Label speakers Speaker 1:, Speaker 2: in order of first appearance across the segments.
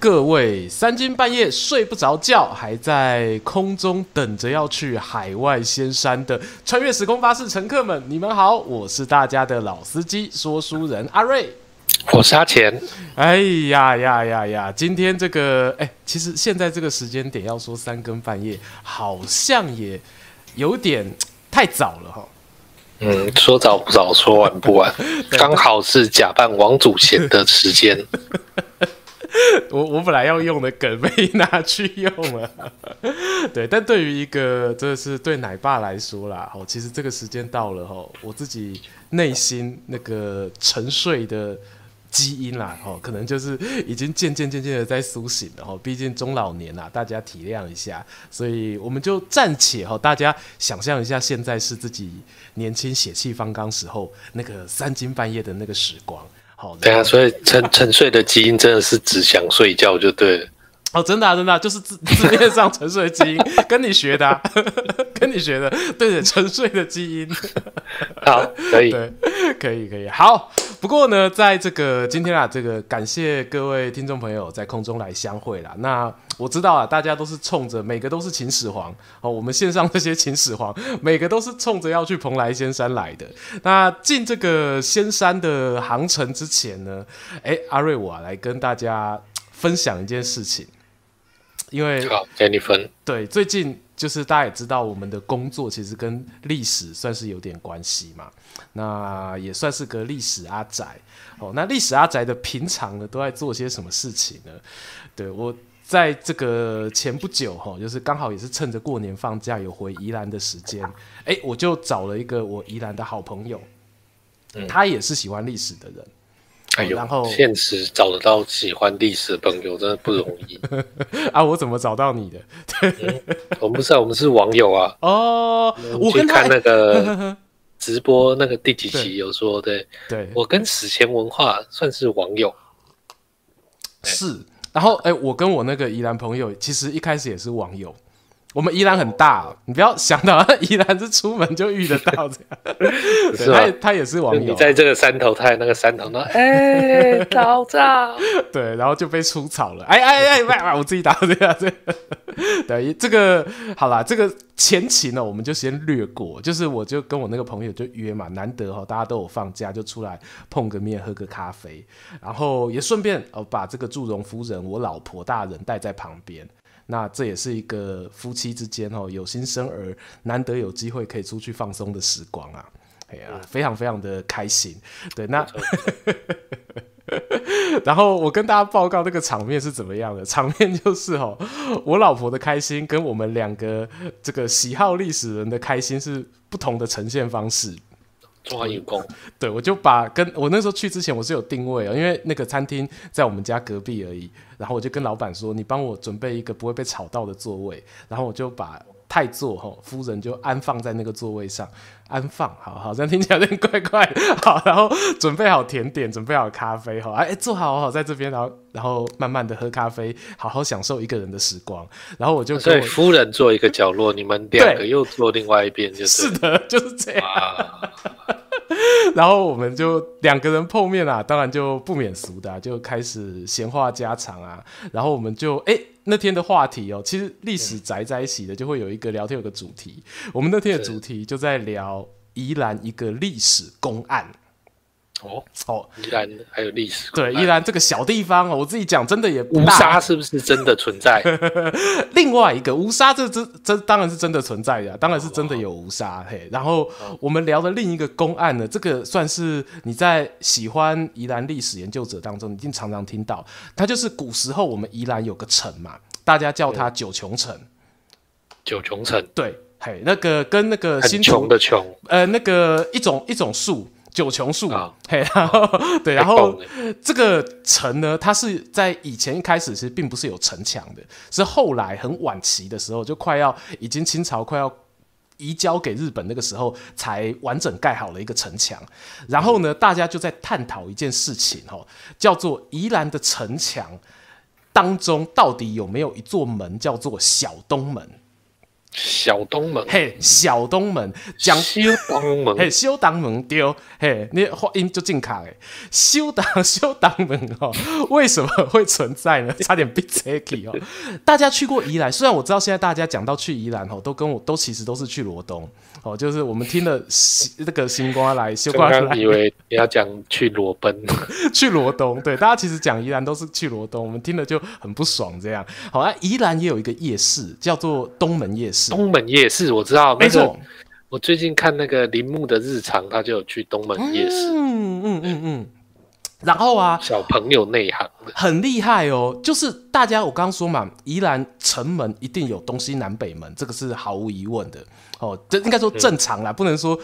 Speaker 1: 各位，三更半夜睡不着覺，還在空中等着要去海外仙山的穿越時空巴士乘客們，你們好，我是大家的老司機說書人阿瑞，
Speaker 2: 我是阿錢。
Speaker 1: 哎呀呀呀呀！今天這個哎、欸，其實現在這個時間點要說三更半夜，好像也有點太早了哈。嗯，
Speaker 2: 說早不早， 說晚不晚，剛 好是假扮王祖賢的時間。
Speaker 1: 我我本來要用的梗被拿去用了， 對，但對於一個這、就是對奶爸來說啦，哦，其實這個時間到了哈，我自己內心那個沉睡的基因啦，哦，可能就是已經漸漸漸漸的在蘇醒了哈，畢竟中老年吶、啊，大家體諒一下，所以我們就暫且哈，大家想象一下，現在是自己年輕血氣方剛時候那個三更半夜的那個時光。
Speaker 2: 好的對啊，所以沉沉睡的基因真的是只想睡覺就對
Speaker 1: 了。 哦，真的、啊、真的、啊，就是字字面上沉睡的基因， 跟你學的、啊， 跟你學的，對對，沉睡的基因。 好，
Speaker 2: 可以。對，
Speaker 1: 可以，可以。好，不過呢，在這個今天啊，這個感謝各位聽眾朋友在空中來相會啦。那我知道啊，大家都是衝着每個都是秦始皇哦。我們線上這些秦始皇，每個都是衝着要去蓬萊仙山來的。那進這個仙山的航程之前呢，哎、欸，阿瑞我、啊，我來跟大家分享一件事情。
Speaker 2: 因為，好，給你分。
Speaker 1: 對，最近就是大家也知道，我們的工作其實跟歷史算是有點關係嘛。那也算是個歷史阿宅哦。那歷史阿宅的平常呢，都在做些什麼事情呢？對我。在這個前不久，哈，就是剛好也是趁着過年放假有回宜蘭的時間，哎、欸，我就找了一個我宜蘭的好朋友，他也是喜歡歷史的人，
Speaker 2: 哎、嗯、呦、欸，然後現實找得到喜歡歷史的朋友真的不容易
Speaker 1: 啊！我怎麼找到你的？
Speaker 2: 嗯、我們不是，啊，我們是網友啊。哦、
Speaker 1: oh,，我去看那個
Speaker 2: 直播，那個第幾期有說， 對，對我跟史前文化算是網友，
Speaker 1: 是。然後，哎，我跟我那個宜蘭朋友，其實一開始也是網友。我們宜蘭很大，哦，你不要想到宜蘭是出門就遇得到這樣，
Speaker 2: 啊、他也他也是網友，你在這個山頭他在那個山頭呢，哎、欸，找找，
Speaker 1: 對，然後就被出草了，哎哎哎，喂、哎哎哎，我自己打這樣子，對，這個好啦。這個前期呢，喔，我們就先略過，就是我就跟我那個朋友就約嘛，難得哈，喔，大家都有放假，就出來碰個面，喝個咖啡，然後也順便哦，喔，把這個祝融夫人，我老婆大人帶在旁邊。那這也是一個夫妻之間哦，有新生兒難得有機會可以出去放鬆的時光啊，哎呀、嗯，非常非常的開心。嗯、對，那、嗯、 然後我跟大家報告這個場面是怎麼樣的，場面就是哦，我老婆的開心跟我們兩個這個喜好歷史人的開心是不同的呈現方式。
Speaker 2: 抓有工，
Speaker 1: 對，我就把跟我那時候去之前，我是有定位啊，因為那個餐廳在我們家隔壁而已。然後我就跟老闆說：“你幫我準備一個不會被吵到的座位。”然後我就把。太座夫人就安放在那個座位上，安放好，好像聽起來有點怪怪。好，然後準備好甜點，準備好咖啡，吼、啊，哎、欸，坐好，好在這邊，然後，然後慢慢的喝咖啡，好好享受一個人的時光。然後我就跟、啊、夫
Speaker 2: 人坐一個角落， 你們兩個又坐另外一邊，就是是的，就是這樣。
Speaker 1: 然後我們就兩個人碰面啊，當然就不免俗的啊，就開始閒話家常啊。然後我們就哎那天的話題哦，其實歷史宅在一起的就會有一個聊天有個主題，我們那天的主題就在聊宜蘭一個歷史公案。哦哦，宜蘭
Speaker 2: 還有歷史？對，宜蘭這個
Speaker 1: 小地方我自己講真的也不大。無沙是不
Speaker 2: 是真的存
Speaker 1: 在？ 另外一個無沙，這這這當然是真的存在的，啊，當然是真的有無沙嘿。然後、嗯、我們聊的另一個公案呢，這個算是你在喜歡宜蘭歷史研究者當中你一定常常聽到，它，就是古時候我們宜蘭有個城嘛，大家叫它九芎城。
Speaker 2: 九芎城，
Speaker 1: 對嘿，那個跟那個新很窮的窮，呃，那個一種一種樹。九穹樹、啊，嘿，然後、啊、對，然後、嗯、這個城呢，它是在以前一開始其實並不是有城牆的，是後來很晚期的時候，就快要已經清朝快要移交給日本那個時候，才完整蓋好了一個城牆。然後呢，嗯、大家就在探討一件事情哈，叫做宜蘭的城牆當中到底有沒有一座門叫做小東門。小東門嘿、hey，小東門，修、 hey, 東門嘿，修東，東門對嘿，你發音就正確嘞。修東修東門哦，為什麼會存在呢？ 差點被拆起哦。大家去過宜蘭？雖然我知道現在大家講到去宜蘭哦，都跟我都其實都是去羅東哦、喔，就是我們聽了那 個新瓜來，新瓜來以為
Speaker 2: 你要講去裸奔，
Speaker 1: 去羅東對，大家其實講宜蘭都是去羅東，我們聽了就很不爽這樣。好，啊、宜蘭也有一個夜市，叫
Speaker 2: 做東門夜市。東門夜市，我知道。那個，沒錯，我最近看那個鈴木的日常，他就有去東門夜市。嗯嗯嗯嗯。然後啊，小朋友內行，
Speaker 1: 很厲害哦。就是大家，我剛剛說嘛，宜蘭城門一定有東西南北門，這個是毫無疑問的。哦，這應該說正常啦，嗯、不能說。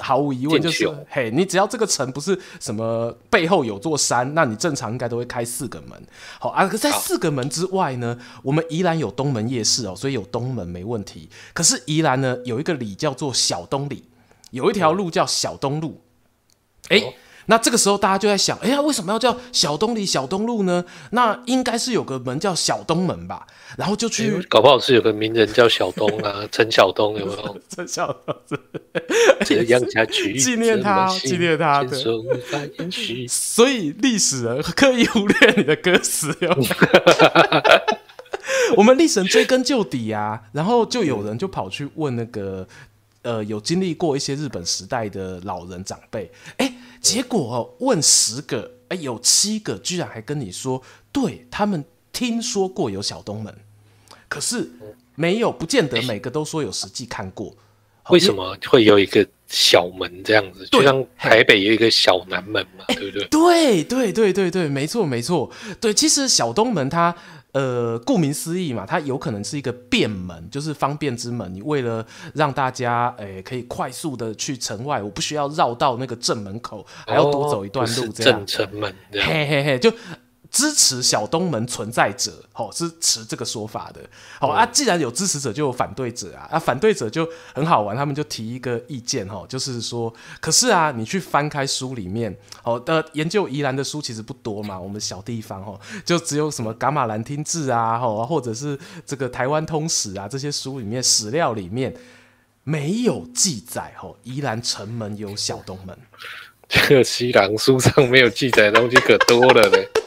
Speaker 1: 毫無疑問，就是嘿，你只要這個城不是什麼背後有座山，那你正常應該都會開四個門。好啊，可是在四個門之外呢，我們宜蘭有東門夜市哦，所以有東門沒問題。可是宜蘭呢，有一個里叫做小東里，有一條路叫小東路，哎、嗯。誒哦那這個時候，大家就在想，哎、欸、呀，為什麼要叫小東里、小東路呢？那應該是有個門叫小東門吧？然後就去，欸、
Speaker 2: 搞不好是有個名人叫小東啊，陳 小東有沒有？陳 小東這樣下去，紀念他，紀念他，對。
Speaker 1: 所以歷史人可以忽略你的歌詞有沒有。 我們歷史人追根究底啊， 然後就有人就跑去問那個。嗯呃，有經歷過一些日本時代的老人長輩，哎，結果、哦，問十個，哎，有七個居然還跟你說，對他們聽說過有小東門，可是沒有，不見得每個都說有實際看過。
Speaker 2: 為什麼會有一個小門這樣子？就像台北有一個小南門嘛，對不對？對
Speaker 1: 對對對對，對，沒錯沒錯，對，其實小東門它。呃，顧名思義嘛，它有可能是一個便門，就是方便之門。你為了讓大家，哎、欸，可以快速的去城外，我不需要繞到那個正門口，哦、還要多走一段路這樣。正
Speaker 2: 城門，嘿
Speaker 1: 嘿嘿，就。支持小東門存在者，吼、哦，支持這個說法的，好、哦、啊。既然有支持者，就有反對者啊。啊，反對者就很好玩，他們就提一個意見，吼、哦，就是說，可是啊，你去翻開書裡面，的、哦呃、研究宜蘭的書其實不多嘛。我們小地方，哦、就只有什麼《噶瑪蘭廳志》啊，吼、哦，或者是這個《台灣通史》啊，這些書裡面史料裡面沒有記載，吼、哦，宜蘭城門
Speaker 2: 有小東門。這個、西蘭書上沒有記載的東西可多了呢。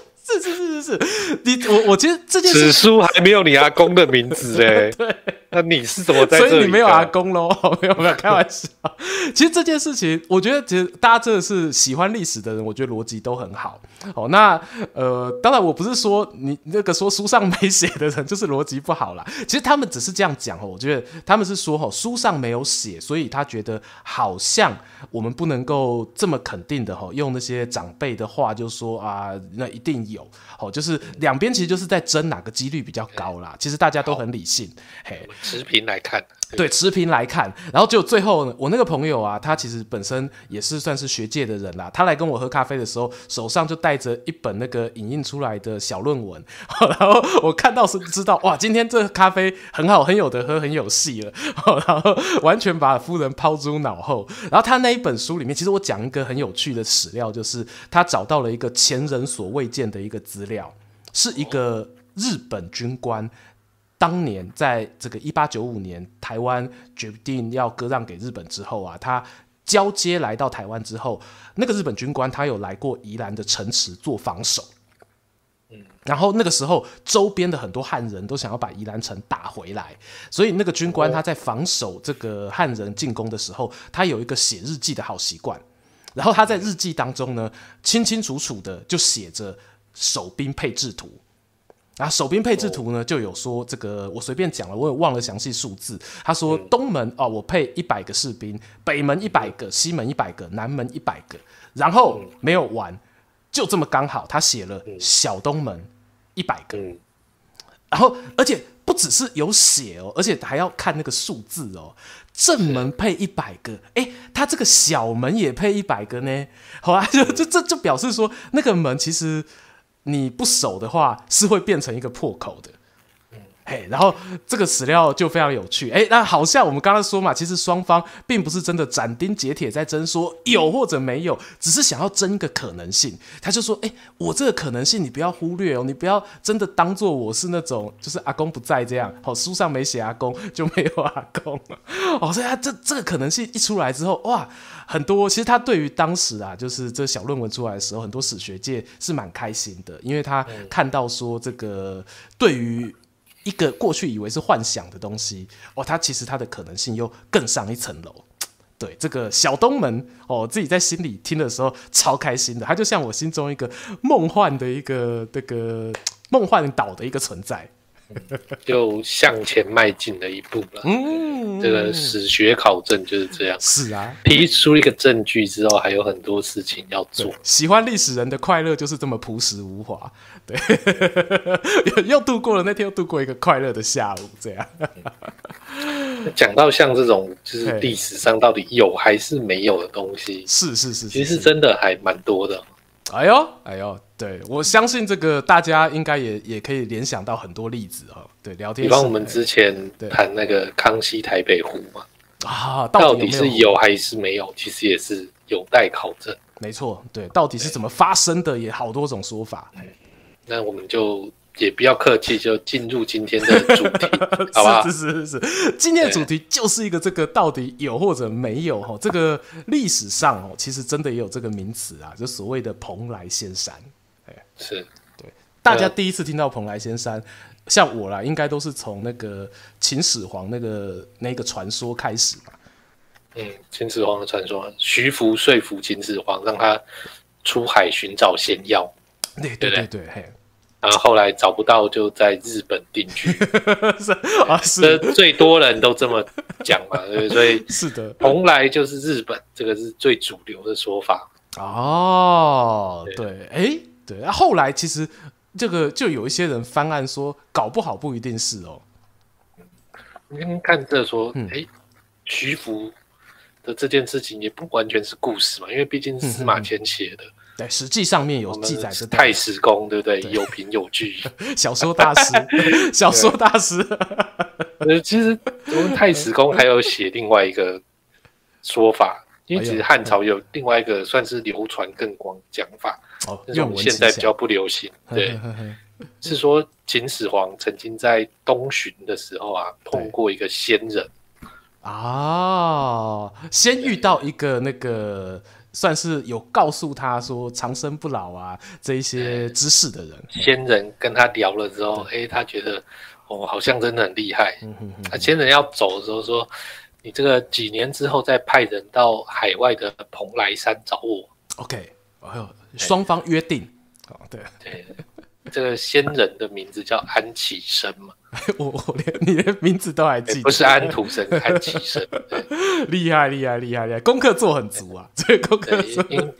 Speaker 1: 是 你我，我覺得這件事書
Speaker 2: 還沒有你阿公的名字哎。 對。那你是怎麼在這裡 所以你沒有阿
Speaker 1: 公嘍？沒有沒有，開玩笑。 其實這件事情，我覺得其實大家真的是喜歡歷史的人，我覺得邏輯都很好，哦，那呃，當然我不是說你那個說書上沒寫的人就是邏輯不好啦。其實他們只是這樣講，我覺得他們是說哦，書上沒有寫，所以他覺得好像我們不能夠這麼肯定的哈。用那些長輩的話就說啊，那一定有哦。就是兩邊其實就是在爭哪個幾率比較高啦，欸。其實大家都很理性，
Speaker 2: 哦，嘿。持平來看，
Speaker 1: 對，持平來看，然後就最後呢，我那個朋友啊，他其實本身也是算是學界的人啦。他來跟我喝咖啡的時候，手上就帶着一本那個影印出來的小論文。然後我看到就知道，哇，今天這咖啡很好，很有得喝，很有戲了。然後完全把夫人拋諸腦後。然後他那一本書裡面，其實我講一個很有趣的史料，就是他找到了一個前人所未見的一個資料，是一個日本軍官，當年在這個一八九五年，台灣決定要割讓給日本之後啊，他交接來到台灣之後，那個日本軍官他有來過宜蘭的城池做防守，嗯，然後那個時候周邊的很多漢人都想要把宜蘭城打回來，所以那個軍官他在防守這個漢人進攻的時候，他有一個寫日記的好習慣，然後他在日記當中呢，清清楚楚的就寫着守兵配置圖。啊，守兵配置圖呢就有說這個，我隨便講了，我也忘了詳細數字。他說、嗯、東門哦，我配一百個士兵，北門一百個、嗯，西門一百個，南門一百個，然後、嗯、沒有完，就這麼剛好。他寫了小東門一百個、嗯嗯，然後而且不只是有寫哦，而且還要看那個數字哦。正門配一百個，哎，他這個小門也配一百個呢。好吧、啊，就就這就表示說那個門其實。你不守的話，是會變成一個破口的。嘿、hey，然後這個史料就非常有趣。哎，那好像我們剛剛說嘛，其實雙方並不是真的斬釘截鐵在爭說有或者沒有，只是想要爭一個可能性。他就說：“哎，我這個可能性你不要忽略哦，你不要真的當作我是那種就是阿公不在這樣，好，書上沒寫阿公就沒有阿公。”哦，所以他這這個可能性一出來之後，哇，很多其實他對於當時啊，就是這小論文出來的時候，很多史學界是蠻開心的，因為他看到說這個對於。一個過去以為是幻想的東西哦，它其實它的可能性又更上一層樓。對，這個小東門哦，自己在心裡聽的時候超開心的，它就像我心中一個夢幻的一個，這個夢幻島的一個存在。
Speaker 2: 就向前邁進了一步了嗯。嗯，這個史學考證就是這樣。是啊，提出一個證據之後，還有很多事情要做。
Speaker 1: 喜歡歷史人的快樂就是這麼樸實無華。對。 又，又度過了那天，又度過一個快樂的下午。這樣，
Speaker 2: 講 到像這種，就是歷史上到底有還是沒有的東西，hey, 是是是，是，其實是真的還蠻多的。哎呦，哎呦。
Speaker 1: 對，我相信這個大家應該也也可以聯想到很多例子哈。對，聊天，比方我們之
Speaker 2: 前談那個康熙台北湖嘛，啊到底有沒有，到底是有還是沒有？其實也是有待考證。
Speaker 1: 沒錯，對，到底是怎麼發生的，也好多種說法，
Speaker 2: 嗯。那我們就也不要客氣，就進入今天的主題， 好吧？是是
Speaker 1: 是是，今天的主題就是一個這個到底有或者沒有哈？這個歷史上哦，其實真的也有這個名詞啊，就所謂的蓬萊仙山。
Speaker 2: 是對，大家第
Speaker 1: 一次聽到蓬萊仙山，像我啦，應該都是從那個秦始皇，那個那個傳說開始嘛。嗯，
Speaker 2: 秦始皇的傳說，徐福說服秦始皇讓他出海尋找仙藥，
Speaker 1: 對對對對，對，對，
Speaker 2: 對，對，然後後來找不到，就在日本定居。 是啊，是最多人都這麼講嘛 對吧，所以
Speaker 1: 是的，蓬
Speaker 2: 萊就是日本，這個是最主流的說法。
Speaker 1: 哦，對，哎。欸對，啊、後來其實這個就有一些人翻案說，搞不好不一定是哦。
Speaker 2: 你看這說，哎，徐福的這件事情也不完全是故事嘛，因為畢竟司馬遷寫的、嗯嗯
Speaker 1: 嗯，對，實際上面
Speaker 2: 有記載是太史公對不對？對，有憑有據。小說大師， 小說
Speaker 1: 大師。 其實
Speaker 2: 我們太史公還有寫另外一個說法、嗯嗯，因為其實漢朝有另外一個算是流傳更廣的講法。
Speaker 1: 那、哦、現在比較
Speaker 2: 不流行呵呵呵，對，是說秦始皇曾經在東巡的時候啊，碰過一個仙人
Speaker 1: 啊、哦，先遇到一個那個算是有告訴他說長生不老啊這一些知識的人，
Speaker 2: 仙人跟他聊了之後，哎、嗯欸，他覺得我、哦、好像真的很厲害、嗯哼哼哼。啊，仙人要走的時候說：“你這個幾年之後再派人到海外的蓬萊山找我。”
Speaker 1: OK，哦。雙方約定。
Speaker 2: 對哦，對對，這個仙人的名字叫安期生嘛？
Speaker 1: 我我連你的名字都還
Speaker 2: 記得，欸、不是安徒 生，安
Speaker 1: 期生，厲害厲害厲害厲害，功課做很足啊！
Speaker 2: 這個、功課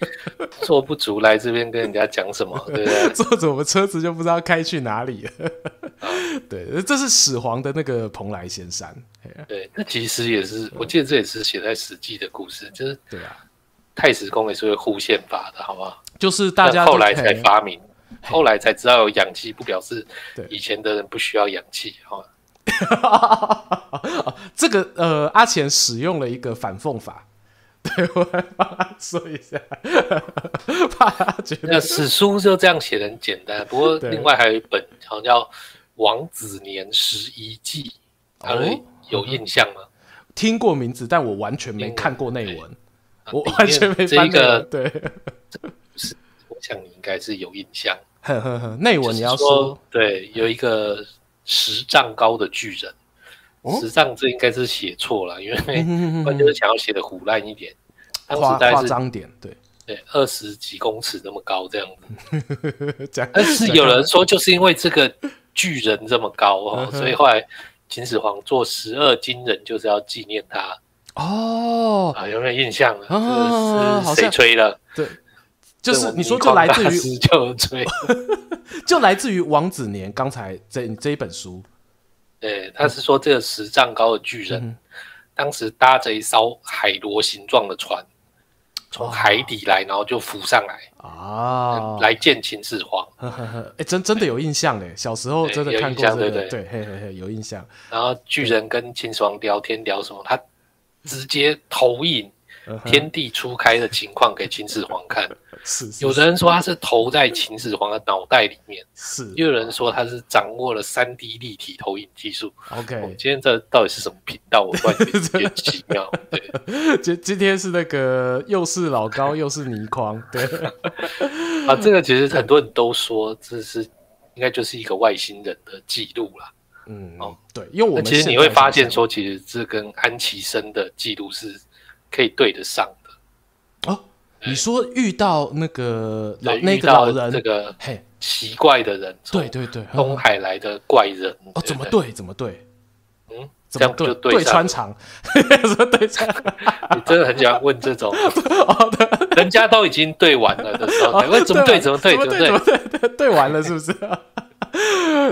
Speaker 2: 做不足，來這邊跟人家講什麼？ 對、啊，
Speaker 1: 坐著我們車子就不知道開去哪裡了。 對，這是始皇的那個蓬萊仙
Speaker 2: 山。對，那其實也是，我記得這也是寫在史記的故事，就是對啊，太史公也是會護憲法的，好不好？就是大家後來才發明，後來才知道有氧氣，不表示以前的人不需要氧氣啊、哦
Speaker 1: 哦。這個呃，阿錢使用了一個反諷法，對我幫他說一下，
Speaker 2: 怕他覺得那史書就這樣寫得很簡單。不過另外還有一本，好像叫《王子年拾遺記》哦，有、呃、有印象嗎？
Speaker 1: 聽過名字，但我完全沒看過內文、文、啊，我完全沒翻過。對。這個
Speaker 2: 對是，我想你應該是有印象。
Speaker 1: 呵那我、就是、你要說，
Speaker 2: 對，有一個十丈高的巨人，哦、十丈這應該是寫錯了，因為關鍵、嗯、是想要寫的唬爛一點，
Speaker 1: 誇誇張點，對
Speaker 2: 對，二十幾公尺這麼高這樣
Speaker 1: 子。但 是有人說，
Speaker 2: 就是因為這個巨人這麼高哦、喔，所以後來秦始皇做十二金人就是要紀念他
Speaker 1: 哦。
Speaker 2: 啊，有沒有印象呢？哦就是誰、哦、吹的？對。就是你說，就來自於就對，
Speaker 1: 就來自於王子年剛才這這一本書。
Speaker 2: 對，他是說這個十丈高的巨人，嗯，當時搭着一艘海螺形狀的船，嗯，從海底來，然後就浮上來
Speaker 1: 啊，哦，來
Speaker 2: 見秦始皇。
Speaker 1: 哎，哦 欸，真的真的有印象耶，小時候真的看過這個，對對、對、對、對，嘿嘿嘿，有印象。
Speaker 2: 然後巨人跟秦始皇聊天，聊什麼？他直接投影天地初開的情況給秦始皇看， 是，是，是。有的人說他是投在秦始皇的腦袋裡面，是。又有人說他是掌握了三 D 立體投影技術。OK、哦、今天這到底是什麼頻道？我突然覺得有點奇妙。
Speaker 1: 對，今今天是那個又是老高、okay。又是倪匡，對。
Speaker 2: 啊，這個其實很多人都說這是應該就是一個外星人的記錄了。嗯哦，對，因為我們其實你會發現說，其實這跟安琪生的記錄是。可以對得上
Speaker 1: 的哦，你說遇到那個那個老遇到這
Speaker 2: 個嘿奇怪的人，的怪
Speaker 1: 人，對對對，東
Speaker 2: 海來的怪人哦，怎麼對怎麼對，嗯，怎麼對這樣就對，對，對穿腸什對穿？ 你真的很喜歡問這種 人家都已經對完了的時候，怎 麼怎麼對怎麼對怎麼對 怎麼對，怎麼
Speaker 1: 對，對完了是不是啊？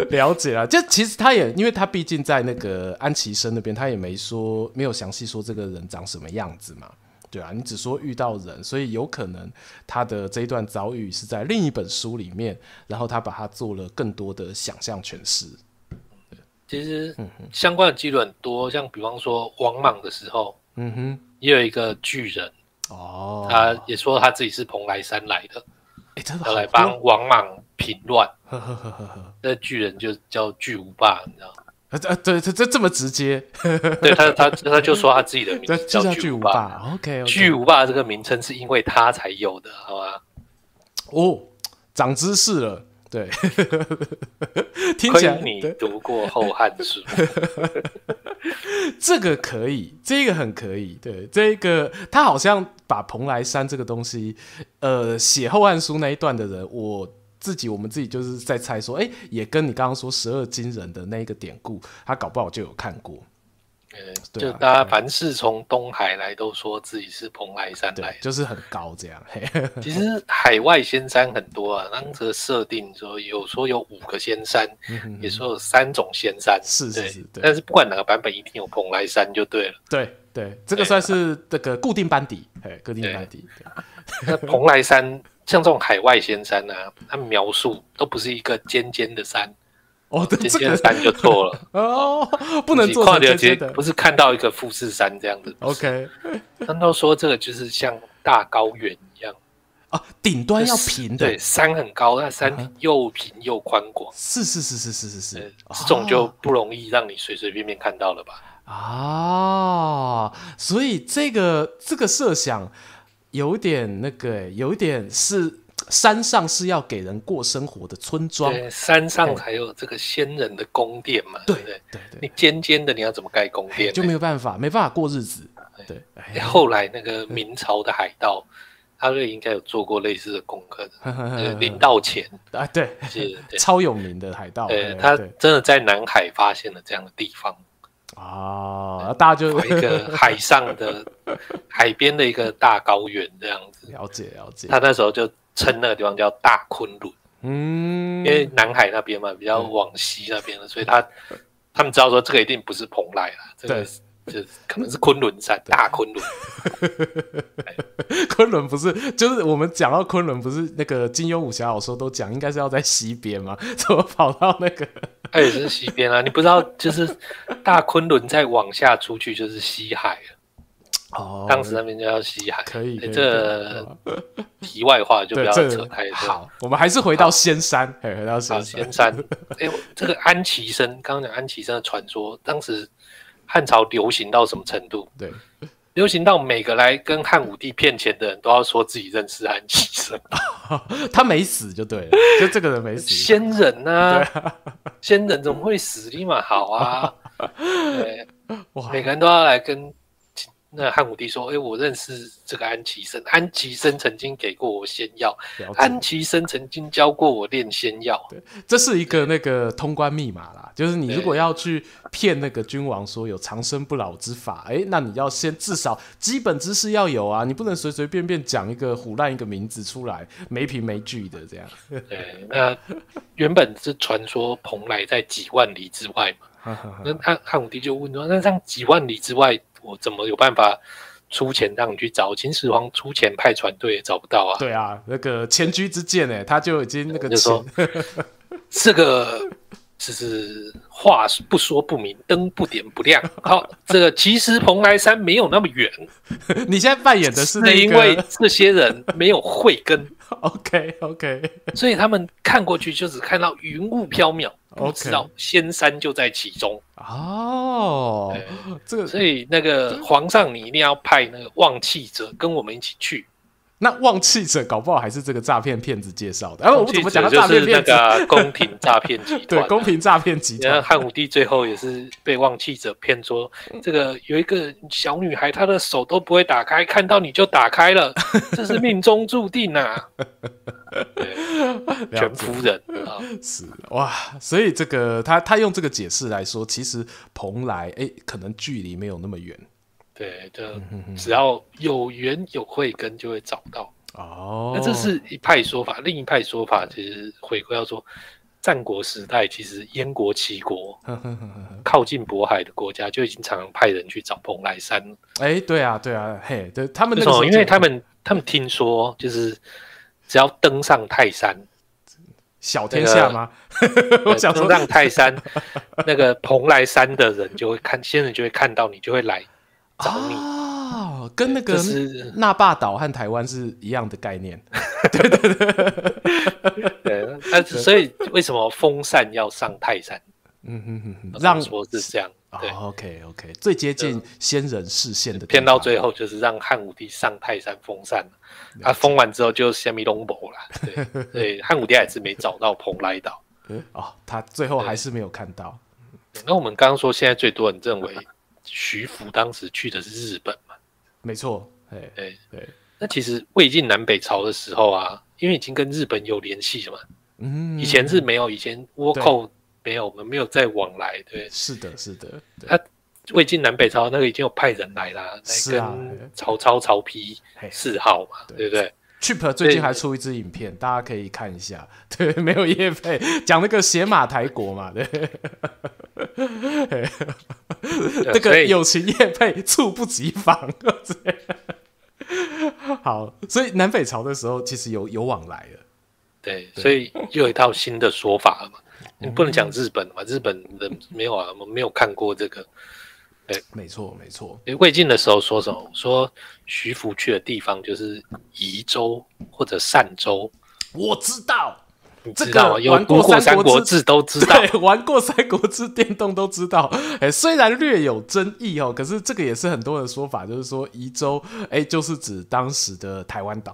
Speaker 1: 了解了，就其實他也，因為他畢竟在那個安期生那邊，他也沒說，沒有詳細說這個人長什麼樣子嘛。對啊，你只說遇到人，所以有可能他的這一段遭遇是在另一本書裡面，然後他把他做了更多的想象詮釋。
Speaker 2: 其實相關的記錄很多，像比方說王莽的時候，嗯哼，也有一個巨人哦，他也說他自己是蓬萊山來的，他、欸、真的要來幫王莽平亂，那巨人就叫巨無霸，你知道
Speaker 1: 嗎？啊啊，這這這這麼直接？
Speaker 2: 對他他他就說他自己的名字 叫巨無霸。巨無霸 OK，OK 巨無霸這個名稱是因為他才有的，好吧？
Speaker 1: 哦，長知識了。對，
Speaker 2: 聽講你讀過後漢書，
Speaker 1: 這個可以，這個很可以。對，這個他好像把蓬萊山這個東西，呃，寫《後漢書》那一段的人，我。自己我們自己就是在猜說，哎、欸，也跟你剛剛說十二金人的那一個典故，他搞不好就有看過。
Speaker 2: 哎、啊，就大家凡是從東海來，都說自己是蓬萊山來，對，就是
Speaker 1: 很高這樣，嘿。其實
Speaker 2: 海外仙山很多啊，當時設定說有說有五個仙山，嗯嗯嗯，也說有三種仙山，是是，是對，對，但是不管哪個版本，一定有蓬萊山就對了。
Speaker 1: 對對，這個算是這個固定班底，哎，固定班底。對，
Speaker 2: 蓬萊山。 像這種海外仙山呢、啊，他們描述都不是一個尖尖的山，哦，對，尖尖的山就錯了 哦，不能錯的、哦，不是看到一個富士山這樣子。OK 他們都說這個就是像大高原一樣啊，頂端要平，就是，對山很高，那山又平又寬廣，okay.，是是是是是是是，哦，這種就不容易讓你隨隨便便便看到了吧？
Speaker 1: 啊，所以這個這個設想。有點那個，有點是山上是要給人過生活的村莊，對山上才
Speaker 2: 有這個仙人的宮殿嘛。對對對，你尖尖的，你要怎麼蓋宮殿？就
Speaker 1: 沒有辦法，沒辦法過日子。
Speaker 2: 對，對後來那個明朝的海盜，他就應該有做過類似的功課的。林道乾
Speaker 1: 啊，對，是超有名的海盜對對，他
Speaker 2: 真的在南海發現了這樣的地方。啊、oh,，大家就是一個海上的 海邊的一個大高原這樣子，了解了解。他那時候就稱那個地方叫大昆崙，嗯，
Speaker 1: 因為
Speaker 2: 南海那邊嘛，比較往西那邊的，所以他、嗯、他們知道說這個一定不是蓬萊了，這個是可能是崑崙山，大昆崙。
Speaker 1: 昆崙不是就是我們講到昆崙不是那個金庸武俠小說都講應該是要在西邊嘛，怎麼跑到那個？它 也、
Speaker 2: 哎，就是西邊啊，你不知道，就是大昆崙再往下出去就是西海了。哦、oh,，當時那邊就叫西海。可以，哎、可以這題外話就不要扯太多，這個。好，我們
Speaker 1: 還是回到仙山，哎，回到仙山。仙
Speaker 2: 山 哎，這個安期生，剛剛講安期生的傳說，當時漢朝流行到什麼程度？對。流行到每個來跟漢武帝騙錢的人都要說自己認識安其生，
Speaker 1: 他沒死就對了，就這個人沒死， 仙
Speaker 2: 人吶，仙人怎麼會死，你嘛好啊， 對，每個人都要來跟。那漢武帝說：“誒，我認識這個安期生，安期生曾經給過我仙藥，安期生曾經教過我煉仙藥，對。
Speaker 1: 這是一個那個通關密碼啦，就是你如果要去騙那個君王說有長生不老之法，誒，那你要先至少基本知識要有啊，你不能隨隨便便講一個唬爛一個名字出來，沒憑沒據的這樣。
Speaker 2: 對，那原本是傳說蓬萊在幾萬里之外嘛， 那漢漢武帝就問說：那像幾萬里之外？”我怎麼有辦法出錢讓你去找秦始皇？出錢派船隊也找不到啊！對啊，
Speaker 1: 那個前車之鑑呢、欸，他就已經那個就說，
Speaker 2: 這個就是話不說不明，燈不點不亮。 好，這個其實蓬萊山沒有那麼遠。 你現在扮演的是，那， 因為這些人沒有慧根。 OK OK，所以他們看過去就只看到雲霧飄渺。不知道，okay. 仙山就在其中。哦，oh, 嗯，這個。所以那個皇上，你一定要派那個望氣者跟我們一起去。
Speaker 1: 那望氣者搞不好還是這個詐騙騙子介紹的，而、啊、我們怎麼講？他詐騙騙子宮
Speaker 2: 廷詐騙集團、啊， 對宮廷詐騙集團、啊。漢武帝最後也是被望氣者騙說， 這個有一個小女孩，她的手都不會打開，看到你就打開了，這是命中注定啊！ 對 拳夫部人啊， 是哇，
Speaker 1: 所以這個她他用這個解釋來說，其實蓬萊哎、欸，可能距離沒有那麼遠。
Speaker 2: 對，就只要有緣有慧根，就會找到哦。那、oh. 這是一派說法，另一派說法其實回歸到說，戰國時代其實燕國，齊國、齊 國靠近渤海的國家，就已經常派人去找蓬萊山。
Speaker 1: 哎、欸，對啊，對啊，嘿、hey,，對，他們時候為因為他們他們
Speaker 2: 聽說，就是只要登上泰山，
Speaker 1: 小天下嗎？那個、 我
Speaker 2: 想說登上泰山， 那個蓬萊山的人就會看，仙人就會看到你，就會來。
Speaker 1: 啊、哦，跟那個那霸島和台灣是一樣的概念對。 對對對 對。那所以
Speaker 2: 為什麼封禪要上泰山？ 嗯嗯嗯嗯，讓說是這樣，對、哦、，OK OK，
Speaker 1: 最接近先人視線的。偏到
Speaker 2: 最後就是讓漢武帝上泰山封禪，他封完之後就蝦米攏無了，對對， 漢武帝還是沒找到蓬萊島、嗯。
Speaker 1: 哦，他最後還是沒有看到。
Speaker 2: 那我們剛剛說，現在最多人認為。 徐福當時去的是日本嘛？
Speaker 1: 沒錯，哎
Speaker 2: 對，對，對。那其實魏晉南北朝的時候啊，因為已經跟日本有聯繫了嘛。嗯。
Speaker 1: 以前
Speaker 2: 是沒有，以前倭寇沒，沒有，我們沒有再往來。對。是的，是的。他、啊、魏晉南北朝那個已經有派人來啦、啊，來跟曹操、曹丕示好嘛，對不對，對，對？
Speaker 1: Chip、最近還出一支影片，大家可以看一下。對，沒有業配，講那個邪馬台國嘛？對，這個友情業配猝不及防。
Speaker 2: 所以 好，
Speaker 1: 所以南北朝的時候其實有有往來了，
Speaker 2: 對，對所以又有一套新的說法了嘛？ 你不能講日本嘛？日本人沒有啊，沒有看過這個。沒錯，沒錯、欸。魏晉的時候說什麼？說徐福去的地方就是夷州或者善州。我知道，你知道，這個、玩過《三國志》國國都知道。對，
Speaker 1: 玩過《三國志》電動都知道。哎、欸，雖然略有爭議哦，可是這個也是很多的說法，就是說夷州，哎、欸，就是指當時的台灣島。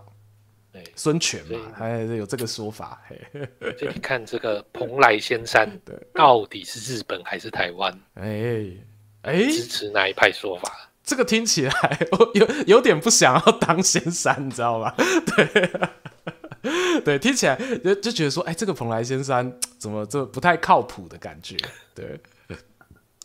Speaker 1: 孫權嘛，哎、欸，有這個說法。欸、
Speaker 2: 就你看這個蓬萊仙山對對，到底是日本還是台灣？哎、欸。哎、欸，支持哪一派說法？
Speaker 1: 這個聽起來，我有有點不想要當仙山，你知道嗎？對， 對，聽起來就就覺得說，哎、欸，這個蓬萊仙山怎麼這不太靠譜的感覺？對。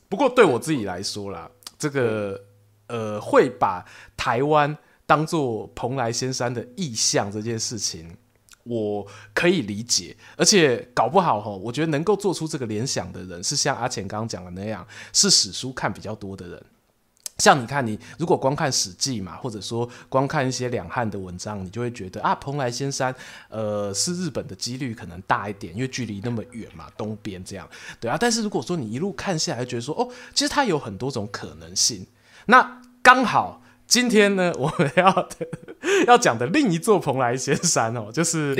Speaker 1: 不過對我自己來說啦，嗯、這個呃，會把台灣當做蓬萊仙山的意象這件事情，我可以理解，而且搞不好吼，我覺得能夠做出這個聯想的人是像阿前剛剛講的那樣，是史書看比較多的人。像你看，你如果光看《史記》嘛，或者說光看一些兩漢的文章，你就會覺得啊，蓬萊仙山，呃，是日本的幾率可能大一點，因為距離那麼遠嘛，東邊這樣，對啊。但是如果說你一路看下來，覺得說哦，其實它有很多種可能性，那剛好。今天呢，我們要的要講的另一座蓬萊仙山喔，就是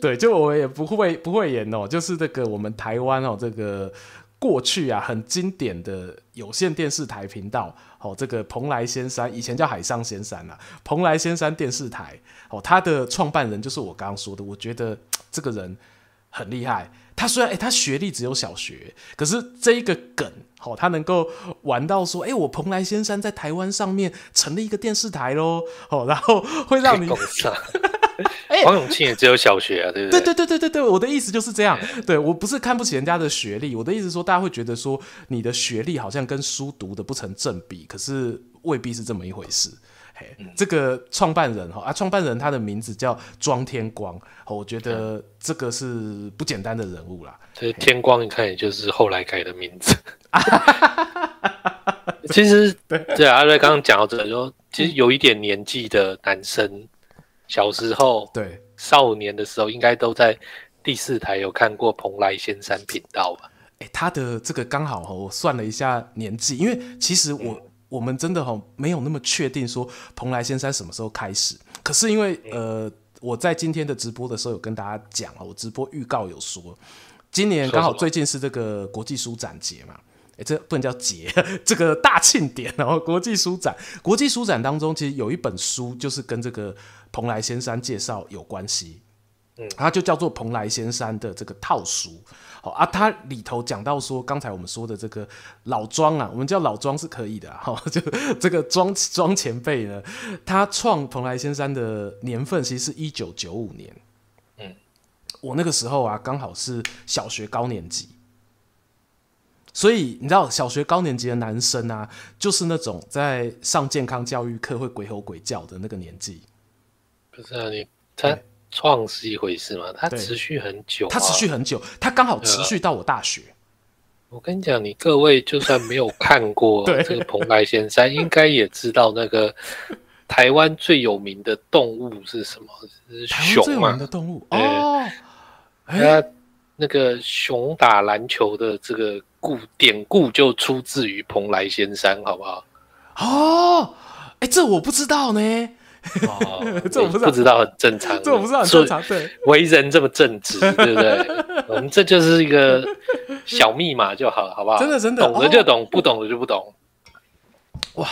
Speaker 1: 對，就我也不會不會演喔，就是這個我們台灣喔，這個過去啊很經典的有線電視台頻道喔，這個蓬萊仙山以前叫海上仙山啊，蓬萊仙山電視台喔，他的創辦人就是我剛剛說的，我覺得這個人很厲害，他雖然欸，他學歷只有小學，可是這一個梗。好、哦，他能夠玩到說，哎、欸，我蓬萊仙山在台灣上面成立一個電視台嘍，好、哦，然後會讓你
Speaker 2: 們，哎， 王永慶也只有小學啊，對不對？對對對
Speaker 1: 對對對，我的意思就是這樣， 對，我不是看不起人家的學歷，我的意思說，大家會覺得說，你的學歷好像跟書讀的不成正比，可是。未必是這麼一回事。嘿，嗯、這個創辦人哈啊，創辦人他的名字叫莊天光，我覺得這個是不簡單的人物
Speaker 2: 啦。所以、嗯、天光一看，也就是後來改的名字。啊、哈哈哈哈其實對對，阿瑞剛剛講到這個說，其實有一點年紀的男生，嗯、小時候對少年的時候，應該都在第四台有看過蓬萊仙山頻道吧、
Speaker 1: 欸？他的這個剛好哈，我算了一下年紀，因為其實我。嗯我們真的哈沒有那麼確定說蓬萊仙山什麼時候開始，可是因為呃我在今天的直播的時候有跟大家講，我直播預告有說，今年剛好最近是這個國際書展節嘛，欸，哎這不能叫節，這個大慶典，哦，國際書展，國際書展當中其實有一本書就是跟這個蓬萊仙山介紹有關係，
Speaker 2: 嗯，
Speaker 1: 它就叫做蓬萊仙山的這個套書。啊，他裡頭講到說，剛才我們說的這個老莊啊，我們叫老莊是可以的哈、啊。就這個莊莊前輩呢，他創蓬萊仙山的年份其實是一九九五年。嗯，我那個時候啊，剛好是小學高年級，所以你知道小學高年級的男生啊，就是那種在上健康教育課會鬼吼鬼叫的那個年紀。
Speaker 2: 不是、啊、你他。嗯創是一回事嘛，它持，、啊、持續很久，它持續很
Speaker 1: 久，它剛好持續到我大學、
Speaker 2: 啊。我跟你講，你各位就算沒有看過這個蓬萊仙山， 應該也知道那個台灣最有名的動物是什麼？熊最有名的動物哦，那、欸、那個熊打籃球的這個故典故就出自於蓬萊仙山，好不
Speaker 1: 好？哦，哎、欸，這我不知道呢。哦，欸、 這不、啊、不知
Speaker 2: 道很正常，這我不知道很正常？對，為人這麼正直，對不對？ 我們這就是一個小密碼就好了，好不好？真的，真的，懂得就懂，哦，不懂的就不懂。
Speaker 1: 哇，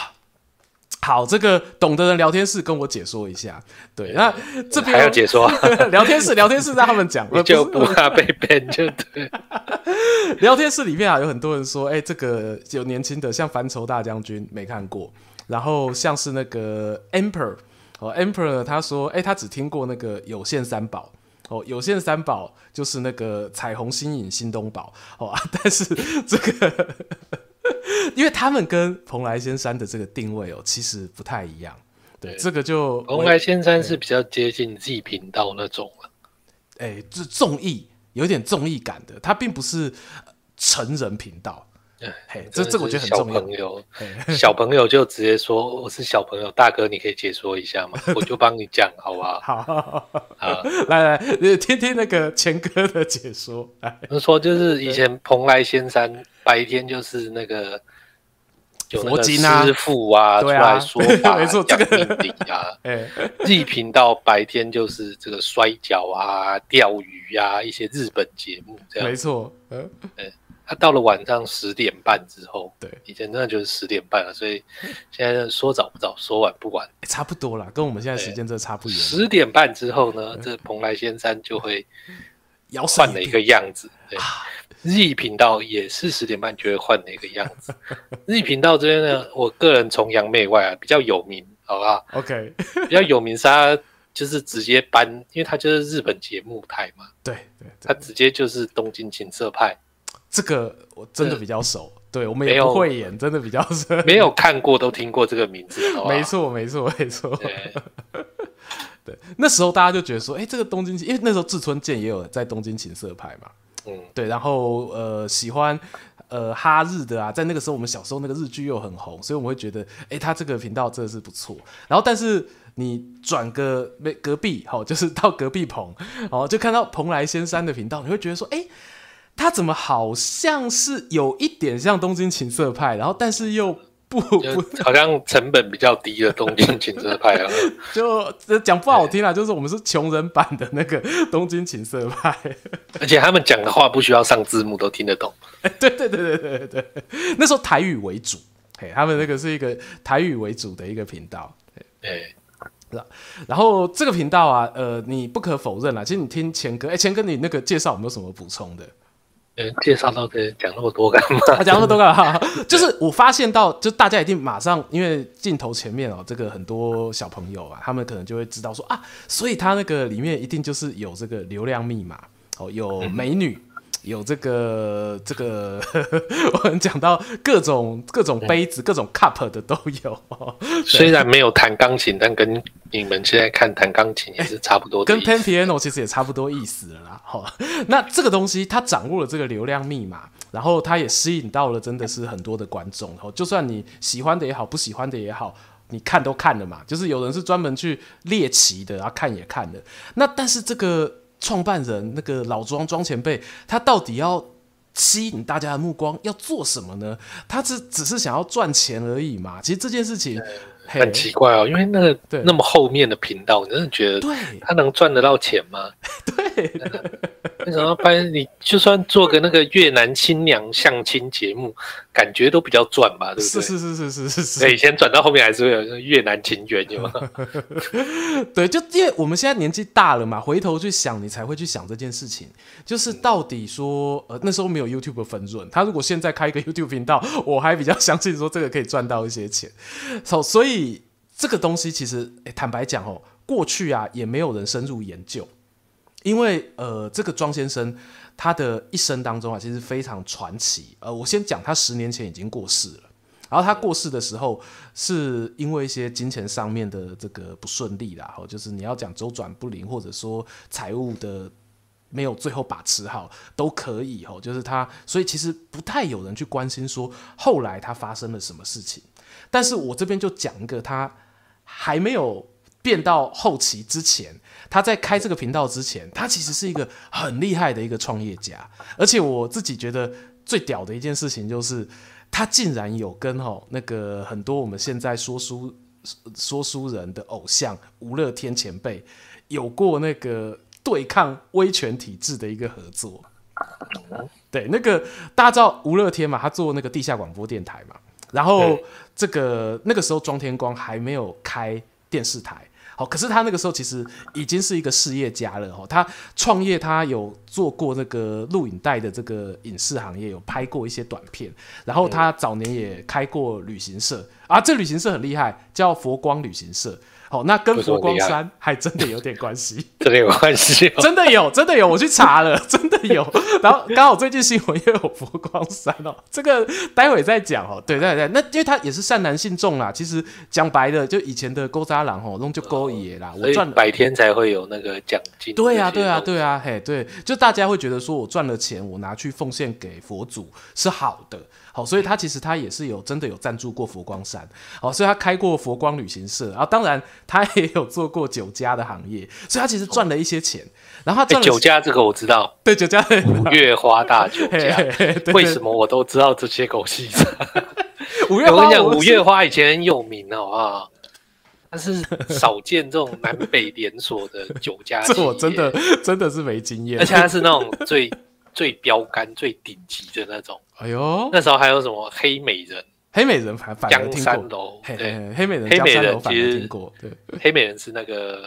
Speaker 1: 好，這個懂得人聊天室跟我解說一下。對，嗯、那這邊還要解說啊？ 聊天室，聊天室讓 他們講，就不怕被騙，就對。 聊天室裡面啊，有很多人說，哎、欸，這個有年輕的，像凡愁大將軍沒看過，然後像是那個 Emperor。哦，Emperor 他說，哎、欸，他只聽過那個有線三寶。哦，有線三寶就是那個彩虹、星影、新東寶，哦、啊，但是這個， 因為他們跟蓬萊仙山的這個定位哦，其實不太一樣。對，對這個就蓬萊仙山是
Speaker 2: 比較接近自己頻道那種了、
Speaker 1: 啊。哎、欸，就綜藝，有點綜藝感的，它並不是成人頻道。
Speaker 2: 這這我覺得小朋友很重，小朋友就直接說，我是小朋友，大哥你可以解說一下嗎？ 我就幫你講，好不好？
Speaker 1: 好
Speaker 2: 好好，來、啊、 來，來
Speaker 1: 聽聽那個前哥的解說。
Speaker 2: 他說就是以前蓬萊仙山白天就是那個有那個師父啊，啊出來說法，沒錯，講命理。啊，哎，地頻道白天就是這個摔角啊、釣魚啊一些日本節目這樣，沒錯，嗯。他到了晚上十點半之後，對，以前那就是十點半了，所以現在說早不早，說晚不晚、
Speaker 1: 欸，差不多了，跟我們現在時間這差不遠。
Speaker 2: 十點半之後呢， 這蓬萊仙山就會換了一個樣子，對啊、日語頻道也是十點半就會換了一個樣子。 日語頻道這邊呢，我個人崇洋媚外啊，比較有名，好不好？o、okay. k 比較有名是他就是直接搬，因為他就是日本節目台嘛，對對,對，他直接就是東京情色派。
Speaker 1: 這個我真的比較熟，嗯、對我們也有慧眼，真的比較熟。
Speaker 2: 沒有看過都聽過這個名字， 沒錯
Speaker 1: 沒錯沒錯。對, 對，那時候大家就覺得說，哎、欸，這個東京琴，因為那時候志村健也有在東京琴社拍嘛，嗯，對，然後呃，喜歡呃哈日的啊，在那個時候我們小時候那個日劇又很紅，所以我們會覺得，哎、欸，他這個頻道真的是不錯。然後，但是你轉個沒隔壁、喔，就是到隔壁棚，哦、喔，就看到蓬萊仙山的頻道，你會覺得說，哎、欸。他怎麼好像是有一點像東京情色派，然後但是又不，
Speaker 2: 好像成本比較低的東京情色派
Speaker 1: 就講不好聽啊，就是我們是窮人版的那個東京情色派，
Speaker 2: 而且他們講的話不需要上字幕都聽得懂。
Speaker 1: 哎，對對對對對對，那時候台語為主，他們那個是一個台語為主的一個頻道。對，對然後這個頻道啊，呃，你不可否認啊，其實你聽乾哥，哎，乾哥你那個介紹有沒有什麼補充的？
Speaker 2: 呃，介紹到這，講那麼多幹嘛？啊、講那麼多
Speaker 1: 幹嘛？就是我發現到，就大家一定馬上，因為鏡頭前面哦，這個很多小朋友啊，他們可能就會知道說啊，所以他那個裡面一定就是有這個流量密碼哦，有美女。嗯有這個這個， 我們講到各種各種杯子、嗯、各種 cup
Speaker 2: 的都有。 雖然沒有彈鋼琴，但跟你們現在看彈鋼琴也是差不多，欸、跟、Pan、
Speaker 1: piano 其實也差不多意思了啦。嗯、那這個東西它掌握了這個流量密碼，然後它也吸引到了真的是很多的觀眾。就算你喜歡的也好，不喜歡的也好，你看都看了嘛。就是有人是專門去獵奇的，然、啊、後看也看的。那但是這個。創辦人那個老莊莊前輩，他到底要吸引大家的目光，要做什麼呢？他是只是想要賺錢
Speaker 2: 而已嘛？其實這件事情 hey, 很奇怪哦，因為那個那麼後面的頻道，我真的覺得，對，他能賺得到錢嗎？對，為什麼？反、 嗯、 你就算做個那個越南新娘相親節目。 感覺都比較賺吧，對不對？是是是是是是,是。所以先轉到後面還是會有越南情緣，有
Speaker 1: 嗎？ 對，就因為我們現在年紀大了嘛，回頭去想，你才會去想這件事情。就是到底說，嗯、呃，那時候沒有 YouTube 分潤，他如果現在開一個 YouTube 頻道，我還比較相信說這個可以賺到一些錢。所、so, 所以這個東西其實，欸、坦白講哦，過去啊也沒有人深入研究。因為呃，這個莊先生他的一生當中啊，其實非常傳奇。呃，我先講，他十年前已經過世了。然後他過世的時候，是因為一些金錢上面的這個不順利啦，吼，就是你要講周轉不靈，或者說財務的沒有最後把持好，都可以哦，就是他，所以其實不太有人去關心說後來他發生了什麼事情。但是我這邊就講一個他還沒有。變到後期之前，他在開這個頻道之前，他其實是一個很厲害的一個創業家。而且我自己覺得最屌的一件事情就是，他竟然有跟吼、喔、那個很多我們現在說書說書人的偶像吳樂天前輩有過那個對抗威權體制的一個合作。對，那個大家知道吳樂天嘛。他做那個地下廣播電台嘛。然後這個那個時候莊天光還沒有開電視台。好，可是他那個時候其實已經是一個事業家了，哦，他創業，他有做過那個錄影帶的這個影視行業，有拍過一些短片，然後他早年也開過旅行社啊，這旅行社很厲害，叫佛光旅行社。哦、那跟佛光山還真的有點關係，
Speaker 2: 真的有關係， 真的
Speaker 1: 有，真的有，我去查了， 真的有。然後剛好最近新聞又有佛光山哦，這個待會再講哦。對對對，那因為他也是善男信眾啦。其實講白了，就以前的勾渣郎吼，弄就勾野啦。我、哦、賺百
Speaker 2: 天才會有那個獎金。對呀、啊、對呀、啊、
Speaker 1: 對呀、啊，嘿對，就大家會覺得說我賺了錢，我拿去奉獻給佛祖是好的。好、哦，所以他其實他也是有真的有贊助過佛光山，好、哦，所以他開過佛光旅行社，然、啊、後當然他也有做過酒家的行業，所以他其實賺了一些錢，哦、然後賺、欸、酒家
Speaker 2: 這個我知道，對酒家，五月花大酒家，嘿嘿嘿對對對為什麼我都知道這些狗戲？ 五月花，我跟你講，五月花以前很有名哦啊，他 是少見這種南北連鎖的酒家，這我真的
Speaker 1: 真的是沒經驗，而且他是那種
Speaker 2: 最。 最標杆、最頂級的那種。哎呦，那時候還有什麼黑美人？
Speaker 1: 黑美人反反而聽過。江山樓，對，黑美人，黑美人，黑美人，黑美人其實對，
Speaker 2: 黑美人是那個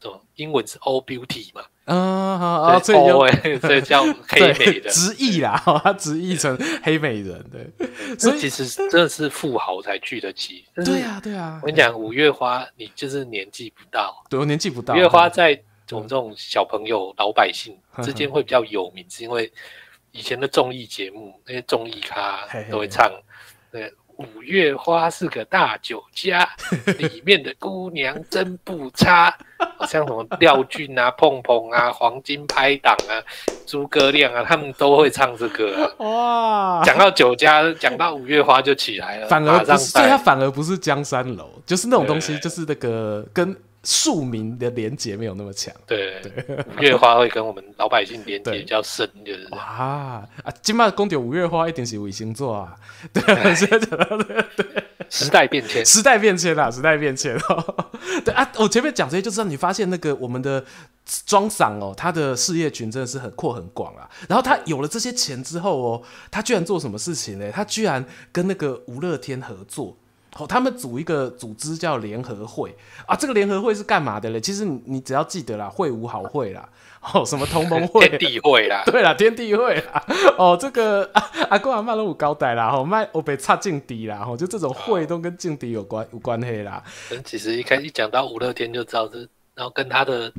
Speaker 2: 什麼，英文是 All Beauty 嘛。啊啊啊！所以叫所以叫黑美人。直譯啦，他直譯成黑美人。對， 所以其實是真的是富豪才去得起。 對呀、啊、對呀、啊，我跟你講，五月花，你就是年紀不大。對，我年紀不大。五月花在。我、嗯、們這種小朋友、老百姓之間會比較有名呵呵，是因為以前的綜藝節目那些綜藝咖、啊、都會唱嘿嘿嘿，《五月花是個大酒家，》 裡面的姑娘真不差， 像什麼廖俊啊、澎 澎啊、黃金拍檔啊、豬 哥亮啊，他們都會唱這歌、啊、哇！講到酒家，講到五月花就起來了，反而所以它
Speaker 1: 反而不是江山樓，就是那種東西，就是那個跟。庶民的連結沒有那麼強，對，
Speaker 2: 五月花會跟我們老百姓連接，比較深，就是這
Speaker 1: 樣哇啊，金馬的宮殿，五月花一點是五星座啊，對，
Speaker 2: 對，
Speaker 1: 時代變遷，時代變遷啊！時代變遷、喔，對，對啊，我前面講這些就是讓你發現那個我們的莊桑哦，他的事業群真的是很闊很廣啊，然後他有了這些錢之後哦、喔，他居然做什麼事情呢？他居然跟那個吳樂天合作。哦，他們組一個組織叫聯合會啊，這個聯合會是幹嘛的嘞？其實你，你只要記得啦，會無好會啦，哦，什麼同盟會、 天地會啦， 對啦，天地會啦，哦，這個、啊、阿公阿媽都有交代啦，吼、哦，賣我被插政治啦，吼、哦，就這種會都跟政治有關有關係啦。
Speaker 2: 其實一開始一講到五六天就知道然後跟他的。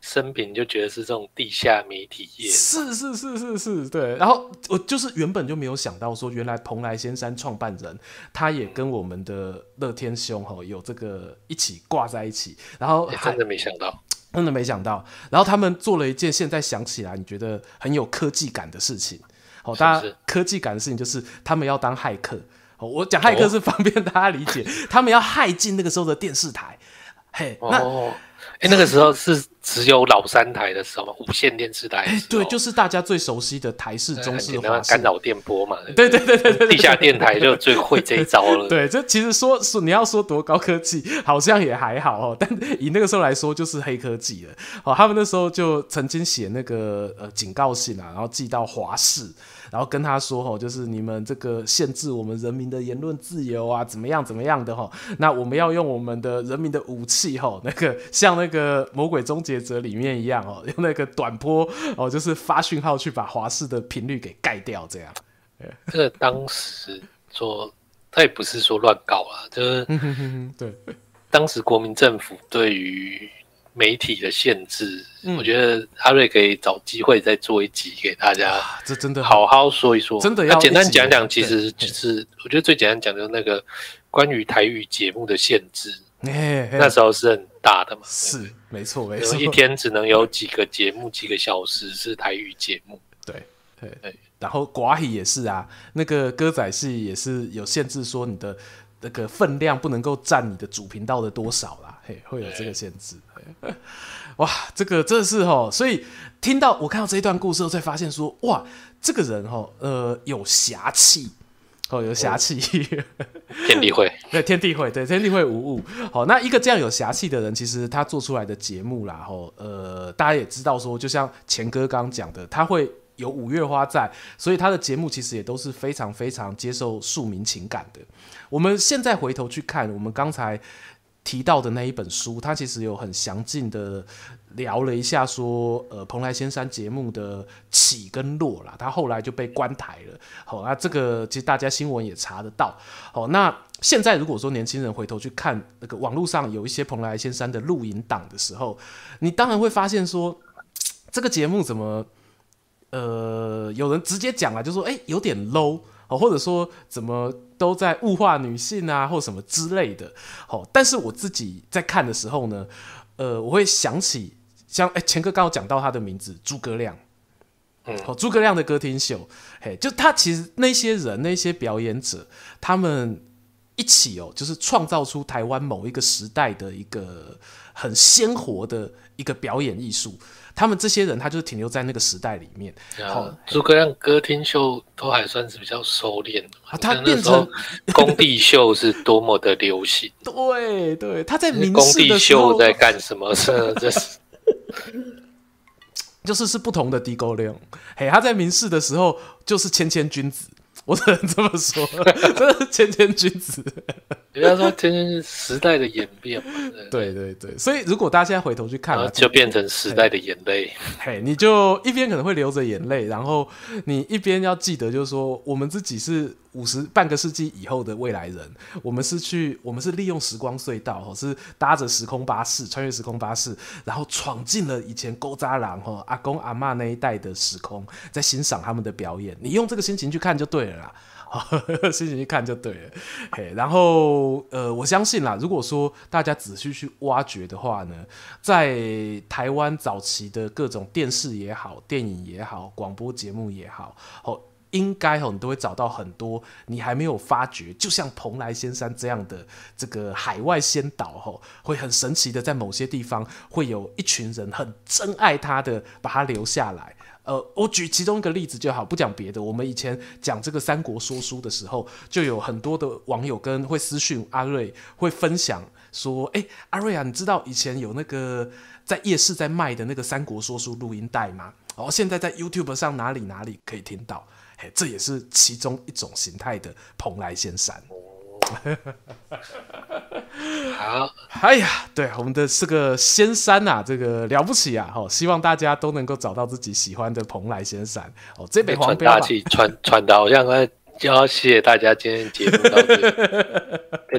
Speaker 2: 生平就覺得是這種地下媒體業，
Speaker 1: 是是是是是，對。然後我就是原本就沒有想到說，原來蓬萊仙山創辦人他也跟我們的樂天兄吼、喔、有這個一起掛在一起，然後、欸、真的沒想到，真的沒想到。然後他們做了一件現在想起來你覺得很有科技感的事情，哦、喔，大家是是科技感的事情就是他們要當駭客，喔、我講駭客是方便大家理解，oh. 他們要駭進那個時候的電視台，oh. 嘿，那。
Speaker 2: Oh. 哎、欸，那個時候是只有老三台的時候嗎？無線電視台、
Speaker 1: 欸？對，就是大家最熟悉的台
Speaker 2: 視中視、的華視，干擾電波嘛。對對對對，對，地下電台就最會這一招了。 對，
Speaker 1: 這其實說說你要說多高科技，好像也還好哦。但以那個時候來說，就是黑科技了。齁，他們那時候就曾經寫那個呃警告信啊，然後寄到華視。然後跟他說、哦：“吼，就是你們這個限制我們人民的言論自由啊，怎麼樣怎麼樣的、哦？吼，那我們要用我們的人民的武器、哦，吼，那個像那個魔鬼終結者裡面一樣，哦，用那個短波，哦，就是發訊號去把華視的頻率給蓋掉，這樣。
Speaker 2: 這個當時說他也不是說亂搞啊，就是對，當時國民政府對於。”媒體的限制、嗯，我覺得阿瑞可以找機會再做一集給大家，啊、這真的好好說一說。真的要一簡單講講，其實就是我覺得最簡單講，就是那個關於台語節目的限制，那時候是很大的嘛。是，沒錯沒錯。有一天只能有幾個節目，幾個小時是台語節目。對對，對。
Speaker 1: 然後寡語也是啊，那個歌仔戲也是有限制，說你的那個分量不能夠佔你的主頻道的多少了、啊。會有這個限制，哇，這個真的是哦。所以聽到我看到這一段故事後，才發現說，哇，這個人哈，呃，有俠氣，哦，有俠氣， 天地會，對，天地會對，天地會無誤。好，那一個這樣有俠氣的人，其實他做出來的節目啦，哈，呃，大家也知道說，就像錢哥剛剛講的，他會有五月花在，所以他的節目其實也都是非常非常接受庶民情感的。我們現在回頭去看，我們剛才。提到的那一本書，他其實有很詳盡的聊了一下說，說呃蓬萊仙山節目的起跟落啦，他後來就被關台了。好，那這個其實大家新聞也查得到。好，那現在如果說年輕人回頭去看那個網絡上有一些蓬萊仙山的錄影檔的時候，你當然會發現說這個節目怎麼呃有人直接講了，就說哎、欸、有點 low。或者說，怎麼都在物化女性啊，或什麼之類的。但是我自己在看的時候呢，呃，我會想起像哎、欸，前哥剛好講到他的名字，諸葛亮，嗯，諸葛亮的歌廳秀，嘿，就他其實那些人，那些表演者，他們一起哦、喔，就是創造出台灣某一個時代的一個很鮮活的一個表演藝術。他們這些人，他就是停留在那個時代裡
Speaker 2: 面。豬、啊、哥亮、歌廳秀都還算是比較收斂的嘛、啊。他變成工地秀是多麼的流行。 對對，他在明事的時候在幹什麼事？這、 就是
Speaker 1: 就是是不同的。豬哥亮，嘿，他在民事的時候就是謙謙君子，我只能這麼說， 真的是謙謙君子。 人家說，天天
Speaker 2: 是時代的演變 對對對，所
Speaker 1: 以如果大家現在回頭去看，嗯，就
Speaker 2: 變成時代的眼淚。
Speaker 1: 嘿，你就一邊可能會流着眼淚，然後你一邊要記得，就是說，我們自己是五十半個世紀以後的未來人，我們是去，我們是利用時光隧道，或是搭着時空巴士，穿越時空巴士，然後闖進了以前古早人阿公阿媽、啊、那一代的時空，在欣賞他們的表演。你用這個心情去看就對了啦。啊，自己去看就對了。嘿，然後呃，我相信啦，如果說大家仔細去挖掘的話呢，在台灣早期的各種電視也好、電影也好、廣播節目也好，哦，應該哦，你都會找到很多你還沒有發覺，就像蓬萊仙山這樣的這個海外仙島，吼，會很神奇的，在某些地方會有一群人很珍愛它的，把它留下來。呃，我舉其中一個例子就好，不講別的。我們以前講這個三國說書的時候，就有很多的網友跟會私訊阿瑞，會分享說：“哎，阿瑞啊，你知道以前有那個在夜市在賣的那個三國說書錄音帶嗎？哦，現在在 YouTube 上哪裡哪裡可以聽到？嘿，這也是其中一種形態的蓬萊仙山。”哈哈哈哈哈！好，哎呀，對我們的這個仙山吶、啊，這個了不起啊！好、哦，希望大家都能夠找到自己喜歡的蓬萊仙山哦。這邊黃大氣
Speaker 2: 傳傳達，我想要謝謝大家今天解讀、這個，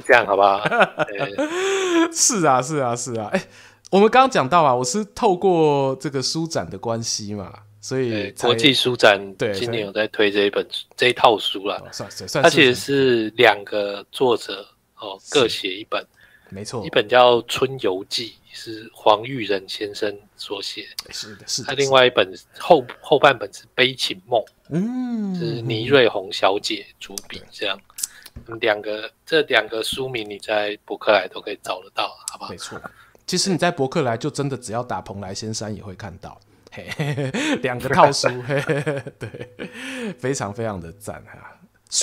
Speaker 2: 就這樣好不好
Speaker 1: 是啊，是啊，是啊，哎、欸，我們剛剛講到啊，我是透過這個書展的關係嘛。所以國際書展今年有
Speaker 2: 在推這一本這一套書了、哦，它其實是兩個作者哦，各寫一本，沒錯。一本叫《春遊記》，是黃玉仁先生所寫，是的是的。他另外一本後後半本是《悲情夢》，嗯，就是倪瑞紅小姐主筆，這樣。兩、嗯、個這兩個書名你在博客來都可以找得到，好不好？沒錯。
Speaker 1: 其實你在博客來就真的只要打蓬萊仙山也會看到。兩 個套書， 對，非常非常的讚哈。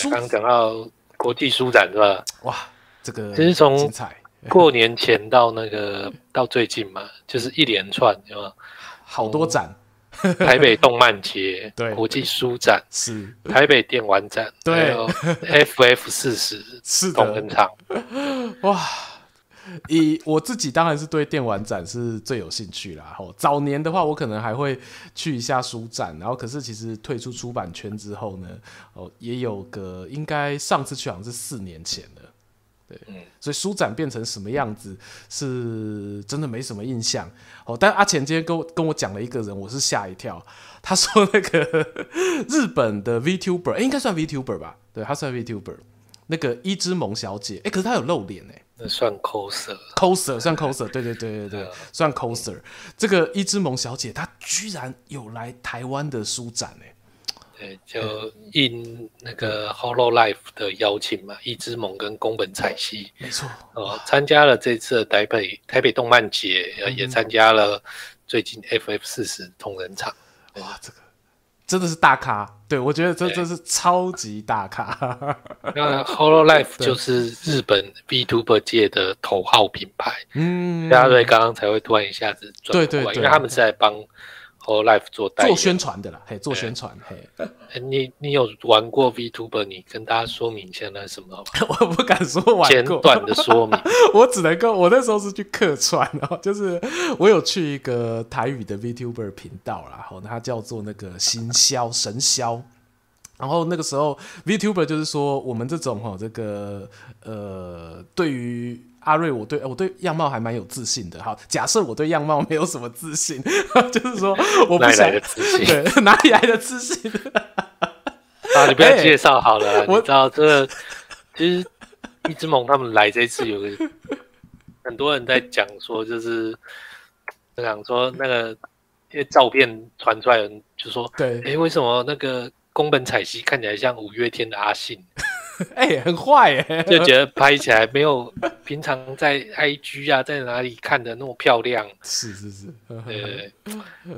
Speaker 2: 剛剛講到國際書展是吧？哇，這個其實從過年前到那個到最近嘛，就是一連串是好多展，嗯，台北動漫節，對，國際書展是， 台北電玩展，對，FF 四十是，同人唱，
Speaker 1: 哇。以我自己當然是對電玩展是最有興趣啦。吼、哦，早年的話我可能還會去一下書展，然後可是其實退出出版圈之後呢，哦，也有個應該上次去好像是四年前了，對，所以書展變成什麼樣子是真的沒什麼印象。哦，但阿錢今天跟我跟我講了一個人，我是嚇一跳。他說那個日本的 VTuber、欸，應該算 VTuber 吧？對，他算 VTuber，那個一之萌小姐，誒、欸，可是他有露臉哎、欸。
Speaker 2: 那算 coser，coser
Speaker 1: 算 coser，、嗯、對對對對對，嗯、算 coser、嗯。這個一枝萌小姐她居然有來台灣的書展嘞、欸，
Speaker 2: 對，就應那個 Hollow Life 的邀請嘛，一枝萌跟宮本彩希。沒錯，哦、呃，參加了這次的台北台北動漫節、嗯，也參加了最近 FF 四十同人場、嗯，哇，這
Speaker 1: 個。真的是大咖，對，我覺得這真是超級大咖。
Speaker 2: 那《hololive》就是日本 VTuber 界的頭號品牌，嗯，大家對剛剛才會突然一下子轉過來，對對對，因為他們是在幫。做，做宣傳的啦，嘿，做宣
Speaker 1: 傳嘿，
Speaker 2: 嘿。你，你有玩過 VTuber？你跟大家說明一下那什麼好不好？ 我不敢說玩過，簡短的說明。
Speaker 1: 我只能夠，我那時候是去客串然後，就是我有去一個台語的 VTuber 頻道，然後它叫做那個新銷神銷。然後那個時候 VTuber 就是說，我們這種哈、哦，這個呃，對於。阿瑞，我對我對樣貌還蠻有自信的。哈，假設我對樣貌沒有什麼自信，就是說我哪裡來的自信？對，哪裡來的自信,的自
Speaker 2: 信 啊？你不要介紹好了。我、欸、知道我這個、其實一之萌他們來這一次有個很多人在講說，就是講說那個因為照片傳出來的人，就說對，哎、欸，為什麼那個宮本彩希看起來像五月天的阿信？哎、欸，很壞、
Speaker 1: 欸，就覺得
Speaker 2: 拍起來沒有平常在 I G 啊，在哪裡看的那麼漂亮。 是是是，對，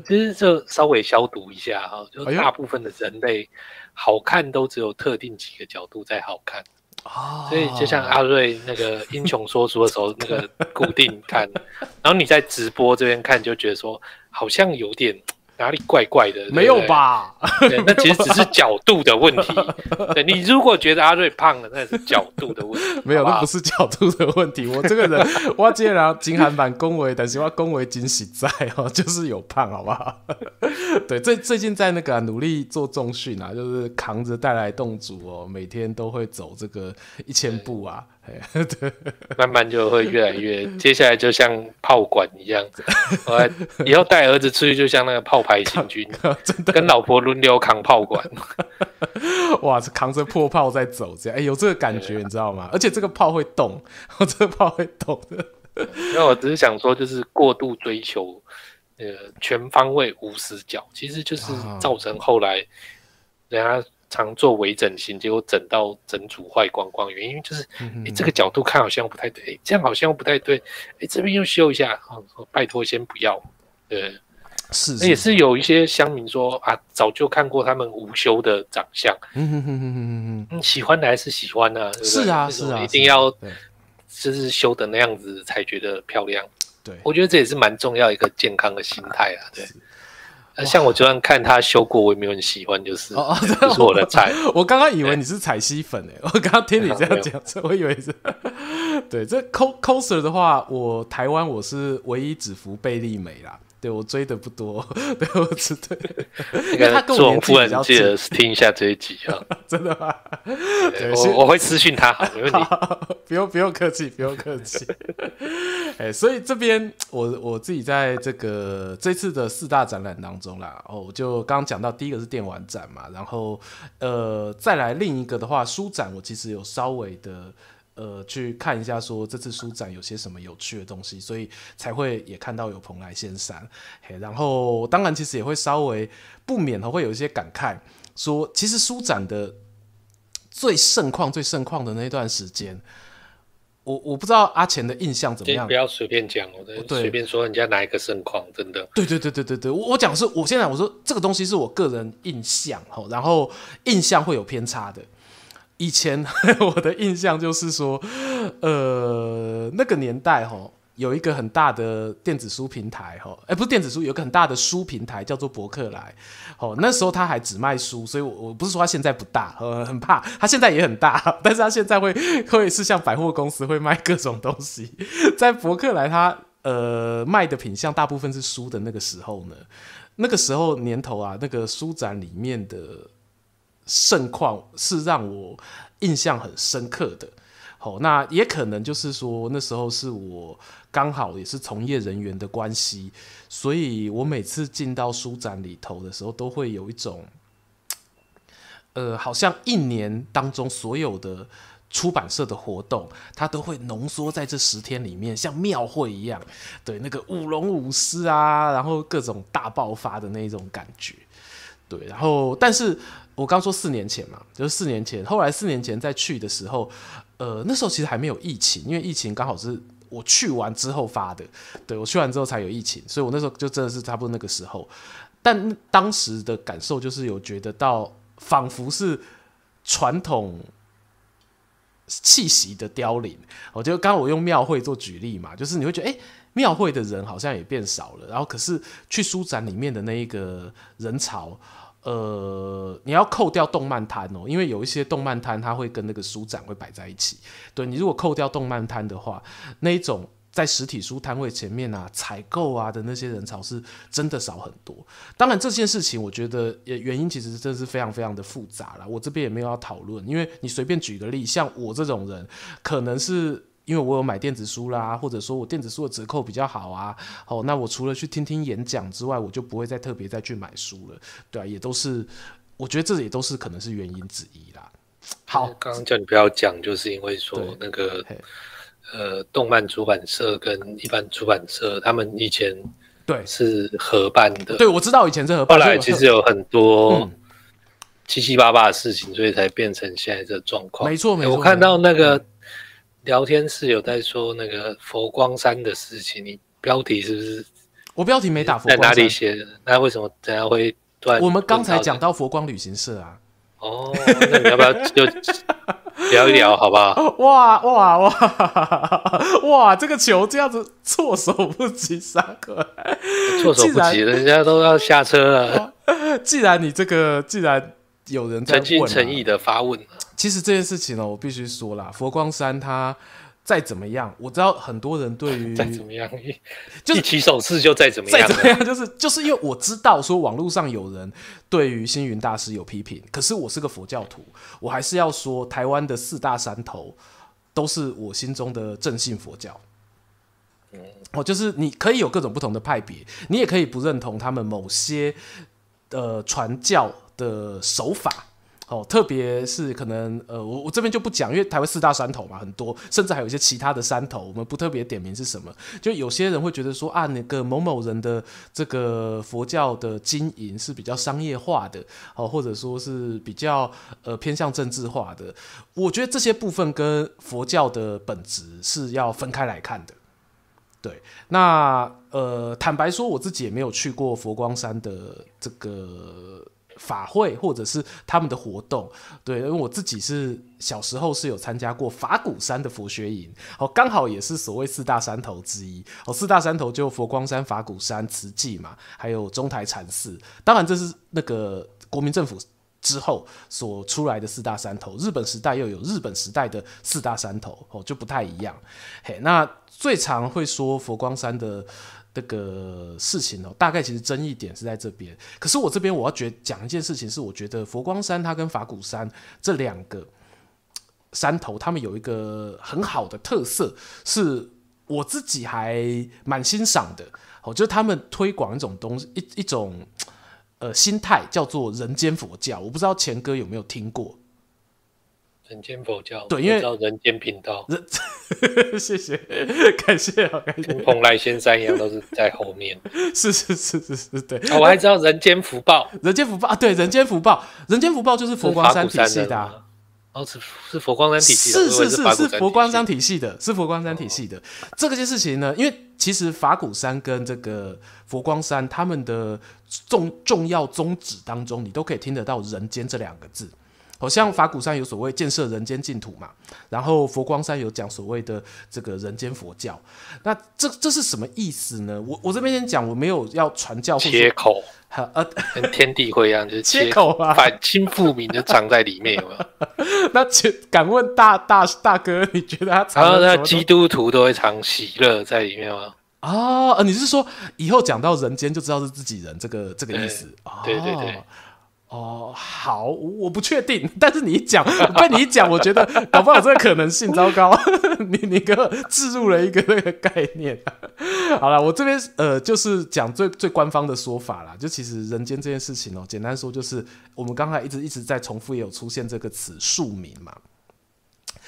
Speaker 2: 其實就稍微消毒一下哈、哦，就大部分的人類好看都只有特定幾個角度在好看哦。所以就像阿瑞那個英雄說書的時候那個固定看， 然後你在直播這邊看就覺得說好像有點。哪裡怪怪的？沒有吧？對 那其實只是角度的問題。 對，你如果覺得阿瑞胖了，那是角度的問
Speaker 1: 題。 沒有好好，那不是角度的問題。我這個人， 我今天很難恭維，但是我恭維很實在哦、啊，就是有胖好不好，好 好對，最最近在那個、啊、努力做重訓啊，就是扛着帶來動足哦、喔，每天都會走這個一千步啊。
Speaker 2: 慢慢就會越來越， 接下來就像炮管一樣。 以後帶兒子出去，就像那個炮排行軍，真的跟老婆輪流扛炮管。
Speaker 1: 哇，扛着破炮在走，這樣哎、欸，有這個感覺、啊，你知道嗎？而且這個炮會
Speaker 2: 動， 這個炮會動的。 那我只是想說，就是過度追求呃全方位無死角，其實就是造成後來、啊、人家。常做微整形，結果整到整組壞光光，原因因為就是，哎、嗯欸，這個角度看好像不太對，欸、這樣好像又不太對，哎、欸，這邊又修一下，嗯、拜托先不要，對，是，是，那也是有一些鄉民說啊，早就看過他們無修的長相，嗯，嗯喜歡的還是喜歡啊，是啊是啊，是啊就是、一定要就是修的那樣子才覺得漂亮，對，我覺得這也是蠻重要一個健康的心態啊，對。像我昨天看他修過，我也沒有很喜歡，就是不是我的菜哦哦我。
Speaker 1: 我剛剛以為你是彩西粉誒、欸，我剛剛聽你這樣講，我以為是 對。這 coser 的話，我台灣我是唯一只服貝利美啦。對，我追的不多，對我只對。的因
Speaker 2: 為他跟我年紀比較近，記得聽一下這一集、啊、 真的
Speaker 1: 嗎？我我會私訊他好 沒好好，不用不用客氣，不用客氣。哎、 欸，所以這邊我我自己在這個這次的四大展覽當中啦，哦，就剛剛講到第一個是電玩展嘛，然後呃再來另一個的話書展，我其實有稍微的。呃，去看一下，說這次書展有些什麼有趣的東西，所以才會也看到有蓬萊仙山。嘿，然後當然其實也會稍微不免會有一些感慨，說其實書展的最盛況、最盛況的那段時間，我我不知道阿錢的印象怎麼樣？不
Speaker 2: 要隨便講，我的隨便說人家哪一個盛況，真的。
Speaker 1: 對對，對對對對對，我我講是，我現在我說這個東西是我個人印象，然後印象會有偏差的。以前我的印象就是說，呃，那個年代吼，有一個很大的電子書平台吼，哎、欸，不是電子書，有個很大的書平台叫做博客來。哦，那時候他還只賣書，所以我我不是說他現在不大，呃、很怕他現在也很大，但是他現在會會是像百貨公司會賣各種東西。在博客來，他呃賣的品項大部分是書的那個時候呢，那個時候年頭啊，那個書展裡面的。盛況是讓我印象很深刻的。好、哦，那也可能就是說，那時候是我剛好也是從業人員的關係，所以我每次進到書展裡頭的時候，都會有一種，呃，好像一年當中所有的出版社的活動，它都會濃縮在這十天裡面，像廟會一樣，對那個舞龍舞獅啊，然後各種大爆發的那一種感覺，對，然後但是。我剛說四年前嘛，就是四年前。後來四年前再去的時候，呃，那時候其實還沒有疫情，因為疫情剛好是我去完之後發的。對我去完之後才有疫情，所以我那時候就真的是差不多那個時候。但當時的感受就是有覺得到，仿佛是傳統氣息的凋零。我覺得剛剛我用廟會做舉例嘛，就是你會覺得，哎，廟會的人好像也變少了。然後可是去書展裡面的那一個人潮。呃，你要扣掉動漫攤哦，因為有一些動漫攤，它會跟那個書展會擺在一起。對，你如果扣掉動漫攤的話，那一種在實體書攤位前面啊，採購啊的那些人潮是真的少很多。當然這件事情，我覺得也原因其實真的是非常非常的複雜啦。我這邊也沒有要討論，因為你隨便舉個例，像我這種人，可能是。因為我有買電子書啦，或者說我電子書的折扣比較好啊，好、哦，那我除了去聽聽演講之外，我就不會再特別再去買書了，對啊，也都是，我覺得這也都是可能是原因之一啦。好，
Speaker 2: 剛剛叫你不要講，就是因為說那個呃，動漫出版社跟一般出版社他們以前對是合辦的，對，對我知道以前是合辦，後來其實有很多七七八八的事情，嗯、所以才變成現在的狀況。沒錯沒錯，我看到那個。嗯聊天室有在說那個佛光山的事情，你標題是不是？我標
Speaker 1: 題沒打佛光山。在哪裡寫的？
Speaker 2: 那為什麼等下會斷？我們剛才講
Speaker 1: 到佛光旅行社啊。哦，
Speaker 2: 那你要不要就聊一聊？ 好不好？
Speaker 1: 哇哇哇哇，哇！這個球這樣子措手不及，三個？措手不及，人
Speaker 2: 家都要下車了。
Speaker 1: 既然你這個，既然有
Speaker 2: 人誠心、啊、誠意的發問、啊。
Speaker 1: 其實這件事情呢，我必須說啦，佛光山它再怎麼樣，我知道很多人對於再怎麼樣，
Speaker 2: 就一起手勢就再怎麼樣，再怎麼樣，就是
Speaker 1: 就、就是、就是因為我知道說網絡上有人對於星雲大師有批評，可是我是個佛教徒，我還是要說，台灣的四大山頭都是我心中的正信佛教。哦、嗯，就是你可以有各種不同的派別，你也可以不認同他們某些呃傳教的手法。哦，特別是可能，呃，我我這邊就不講，因為台灣四大山頭嘛，很多，甚至還有一些其他的山頭，我們不特別點名是什麼。就有些人會覺得說，啊，那個某某人的這個佛教的經營是比較商業化的，哦，或者說是比較呃偏向政治化的。我覺得這些部分跟佛教的本質是要分開來看的。對，那呃，坦白說，我自己也沒有去過佛光山的這個。法會或者是他們的活動，對，因為我自己是小時候是有參加過法鼓山的佛學營，哦，剛好也是所謂四大山頭之一，哦，四大山頭就佛光山、法鼓山、慈濟嘛，還有中台禪寺，當然這是那個國民政府之後所出來的四大山頭，日本時代又有日本時代的四大山頭，哦，就不太一樣，嘿，那最常會說佛光山的。這個事情哦，大概其實爭議點是在這邊。可是我這邊，我要覺講一件事情，是我覺得佛光山它跟法鼓山這兩個山頭，他們有一個很好的特色，是我自己還蠻欣賞的。哦，就是他們推廣一種東一一種呃心態，叫做人間佛教。我不知道錢哥
Speaker 2: 有沒有聽過？人間佛教，對，因為知道人間頻道人呵呵，謝謝，感謝啊，感謝。跟蓬萊仙山一樣，都是在後面。 是
Speaker 1: 是是是是，對。我還知道人間福報，人間福報啊，對，人間福報，人間福報就是佛光山體系的。
Speaker 2: 哦，是是佛光山體系的。是是是是佛
Speaker 1: 光山體系的，是佛光山體系的。這個件事情呢，因為其實法鼓山跟這個佛光山他們的重重要宗旨當中，你都可以聽得到“人間”這兩個字。好像法鼓山有所謂建設人間淨土嘛，然後佛光山有講所謂的這個人間佛教，那這這是什麼意思呢？我我這邊先講，我沒有
Speaker 2: 要傳教。切口，呃，跟天地會一樣，就是、切，切口啊，反清復明就藏在裡面有沒有
Speaker 1: 那敢問大大大哥，你覺得他？然後基督
Speaker 2: 徒都會藏喜樂在裡面嗎？
Speaker 1: 啊、哦呃，你是說以後講到人間就知道是自己人這個這個意思？
Speaker 2: 對、哦、對，對，對對。
Speaker 1: 哦，好，我不確定，但是你一講，被你一講，我覺得搞不好這個可能性糟糕， 你你給我置入了一個那個概念。好了，我這邊呃，就是講最最官方的說法啦，就其實人間這件事情哦、喔，簡單說就是我們剛才一直一直在重複也有出現這個詞“庶民”嘛、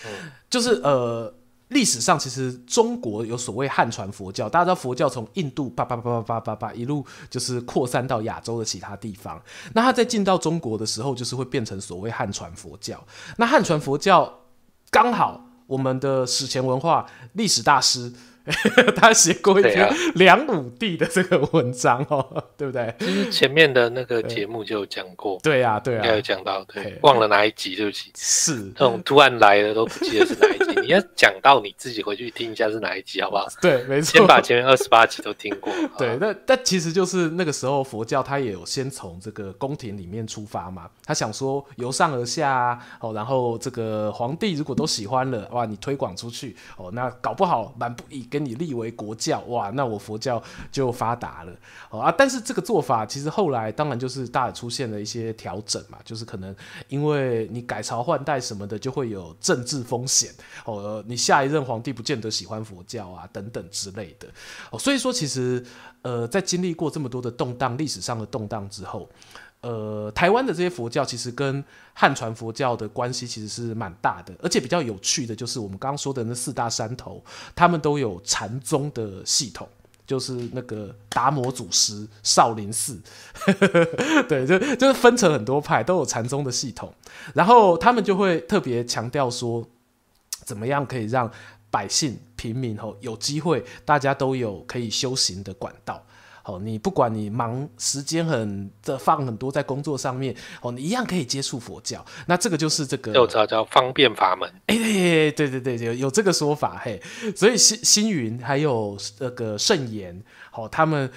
Speaker 1: 哦，就是呃。歷史上其實中國有所謂漢傳佛教，大家知道佛教從印度啪啪啪啪啪啪啪一路就是擴散到亞洲的其他地方。那它在進到中國的時候，就是會變成所謂漢傳佛教。那漢傳佛教剛好我們的史前文化、
Speaker 2: 歷史大師。 他寫過一篇《
Speaker 1: 梁武帝》的這個文章哦、喔，對，啊、 對不對？就是
Speaker 2: 前面的那個節目就有講過，對，對啊對啊應該有講到對對對對，對，忘了哪一集，對不起，是這種突然來了都不記得是哪一集， 你要講到你自己回去聽一下是哪一集，好不好？對，沒錯，先把前面二十八集都聽過。
Speaker 1: 對，那但其實就是那個時候佛教他也有先從這個宮廷裡面出發嘛，他想說由上而下哦，然後這個皇帝如果都喜歡了，哇，你推廣出去哦，那搞不好蠻不易跟。你立為國教，哇，那我佛教就發達了、哦、啊！但是這個做法其實後來當然就是大出現了一些調整嘛，就是可能因為你改朝換代什麼的，就會有政治風險哦、呃。你下一任皇帝不見得喜歡佛教啊，等等之類的、哦、所以說，其實呃，在經歷過這麼多的動盪，歷史上的動盪之後。呃，台灣的這些佛教其實跟漢傳佛教的關係其實是蠻大的，而且比較有趣的就是我們剛剛說的那四大山頭，他們都有禪宗的系統，就是那個達摩祖師、少林寺，呵呵，對，就就是分成很多派都有禪宗的系統，然後他們就會特別強調說，怎麼樣可以讓百姓、平民哦有機會，大家都有可以修行的管道。哦，你不管你忙時間很這放很多在工作上面，哦，你一樣可以接觸佛
Speaker 2: 教。那這個就是這個叫叫方便法門。
Speaker 1: 哎、欸，對對對，有有這個說法嘿。所以星星雲還有那個聖嚴，好、哦，他們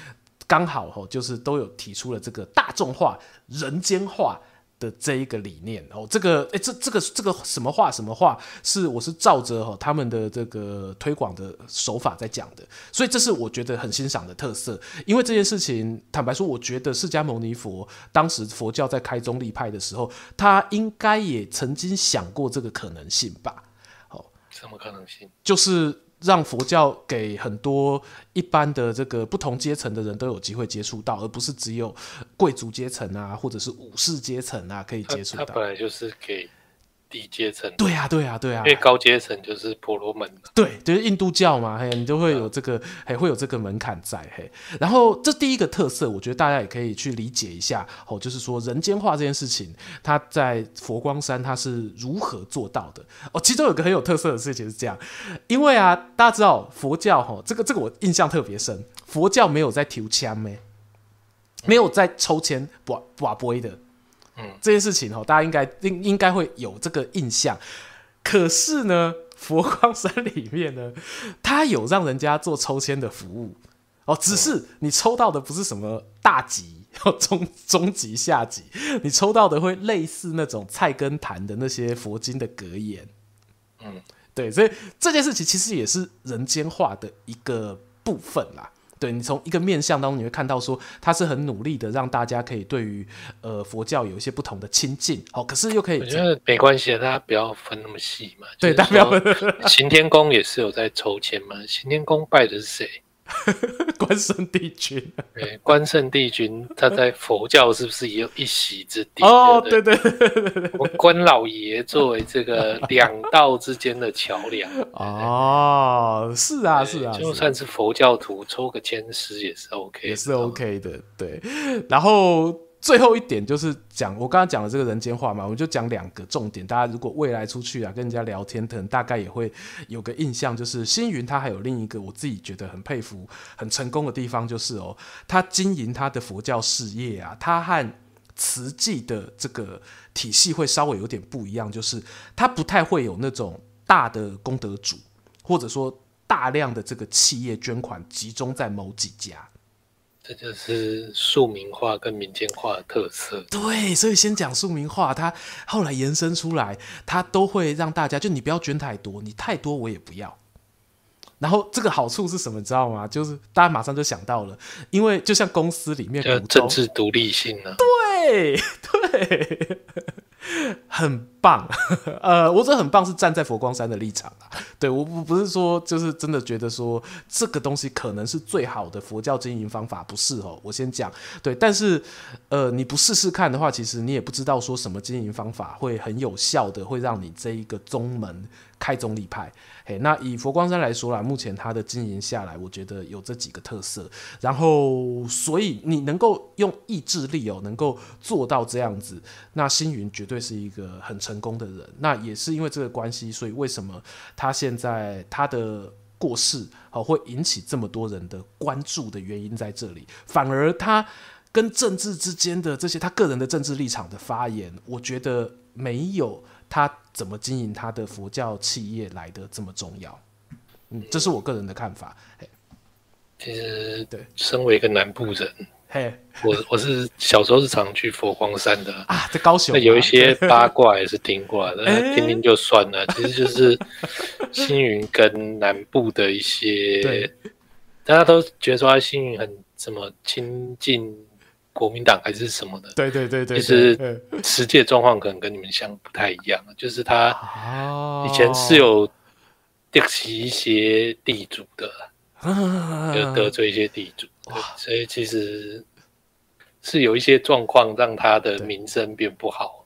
Speaker 1: 剛好哦，就是都有提出了這個大眾化、人間化。的這一個理念哦，這個誒，這這個這個什麼話？什麼話？是我是照着哦，他們的這個推廣的手法在講的，所以這是我覺得很欣賞的特色。因為這件事情，坦白說，我覺得釋迦牟尼佛當時佛教在開宗立派的時候，他應該也曾經想過這個可能性吧？哦，
Speaker 2: 什麼可能性？
Speaker 1: 就是。讓佛教給很多一般的這個不同階層的人都有機會接觸到，而不是只有貴族階層啊，或者是武士階層啊，可以接觸到。它本
Speaker 2: 來就是給。低階層，對啊，對啊，對啊。因為高階層就是婆羅門，
Speaker 1: 對，就是印度教嘛，嗯、嘿，你就會有這個，還、啊、會有這個門檻在嘿。然後這第一個特色，我覺得大家也可以去理解一下哦，就是說人間化這件事情，它在佛光山它是如何做到的哦。其中有個很有特色的事情是這樣，因為啊，大家知道佛教吼、哦，這個這個我印象特別深，佛教沒有在抽籤，咩、嗯？沒有在抽籤跋跋杯的。嗯，這件事情哦，大家應該應應該會有這個印象。可是呢，佛光山裡面呢，它有讓人家做抽籤的服務哦，只是你抽到的不是什麼大吉、哦、中中級、下級，你抽到的會類似那種菜根譚的那些佛經的格言。嗯，對，所以這件事情其實也是人間化的一個部分啦。對，你從一個面相當中，你會看到說他是很努力的，讓大家可以對於呃佛教有一些不同的親近。好、哦，可是又可以，我覺得沒關
Speaker 2: 係，大家不要分那麼細嘛。
Speaker 1: 對，大家不要。分。
Speaker 2: 行天宮也是有在抽籤嗎？行天宮拜的是誰？
Speaker 1: 關聖聖帝， 帝君，
Speaker 2: 關聖帝君他在佛教是不是也有一席之地、哦？哦，對對對，對，對關，關老爺作為這個兩道之間的橋梁，哦，對對對對
Speaker 1: 是啊，是啊，就算是
Speaker 2: 佛教徒、啊、抽個籤詩也是 O、OK、K，也是 O、OK、
Speaker 1: K 的，對，然後。最後一點就是講我剛才講的這個人間話嘛，我就講兩個重點。大家如果未來出去啊，跟人家聊天，可能大概也會有個印象，就是星雲他還有另一個我自己覺得很佩服、很成功的地方，就是哦，他經營他的佛教事業啊，他和慈濟的這個體系會稍微有點不一樣，就是他不太會有那種大的功德主，或者說大量的這個企業捐款集中在某幾家。
Speaker 2: 這就是庶民化跟民間化的特色。
Speaker 1: 對，所以先講庶民化，它後來延伸出來，它都會讓大家就你不要捐太多，你太多我也不要。然後這個好處是什麼，你知道嗎？就是大家馬上就想到了，因為就像公
Speaker 2: 司裡面的、就是、政治獨立性呢、啊。對對。
Speaker 1: 很棒呵呵，呃，我覺得很棒是站在佛光山的立場啊，對，我不不是說就是真的覺得說這個東西可能是最好的佛教經營方法，不是哦，我先講，對，但是，呃，你不試試看的話，其實你也不知道說什麼經營方法會很有效的，會讓你這一個宗門。開宗立派，嘿、hey，那以佛光山來說啦，目前他的經營下來，我覺得有這幾個特色。然後，所以你能夠用意志力哦，能夠做到這樣子，那星雲絕對是一個很成功的人。那也是因為這個關係，所以為什麼他現在他的過世哦會引起這麼多人的關注的原因在這裡。反而他跟政治之間的這些，他個人的政治立場的發言，我覺得沒有他怎麼經營他的佛教企業來得這麼重要？嗯，這是我個人的看法。嘿，其實
Speaker 2: 對，身為一個南部人，
Speaker 1: 嘿，
Speaker 2: 我我是小時候是常去佛光山的啊，這高雄，那有一些八卦也是聽過的，聽 聽就算了、欸。其實就是星雲跟南部的一些，對，大家都覺得說他星雲很什麼親近。國民黨還是什麼的，對對對對，其實實際狀況可能跟你們想不太一樣了， 就是他以前是有一些地主的 就是得罪一些地主的，有得罪一些地主，對，所以其實是有一些狀況讓他的名聲變不好。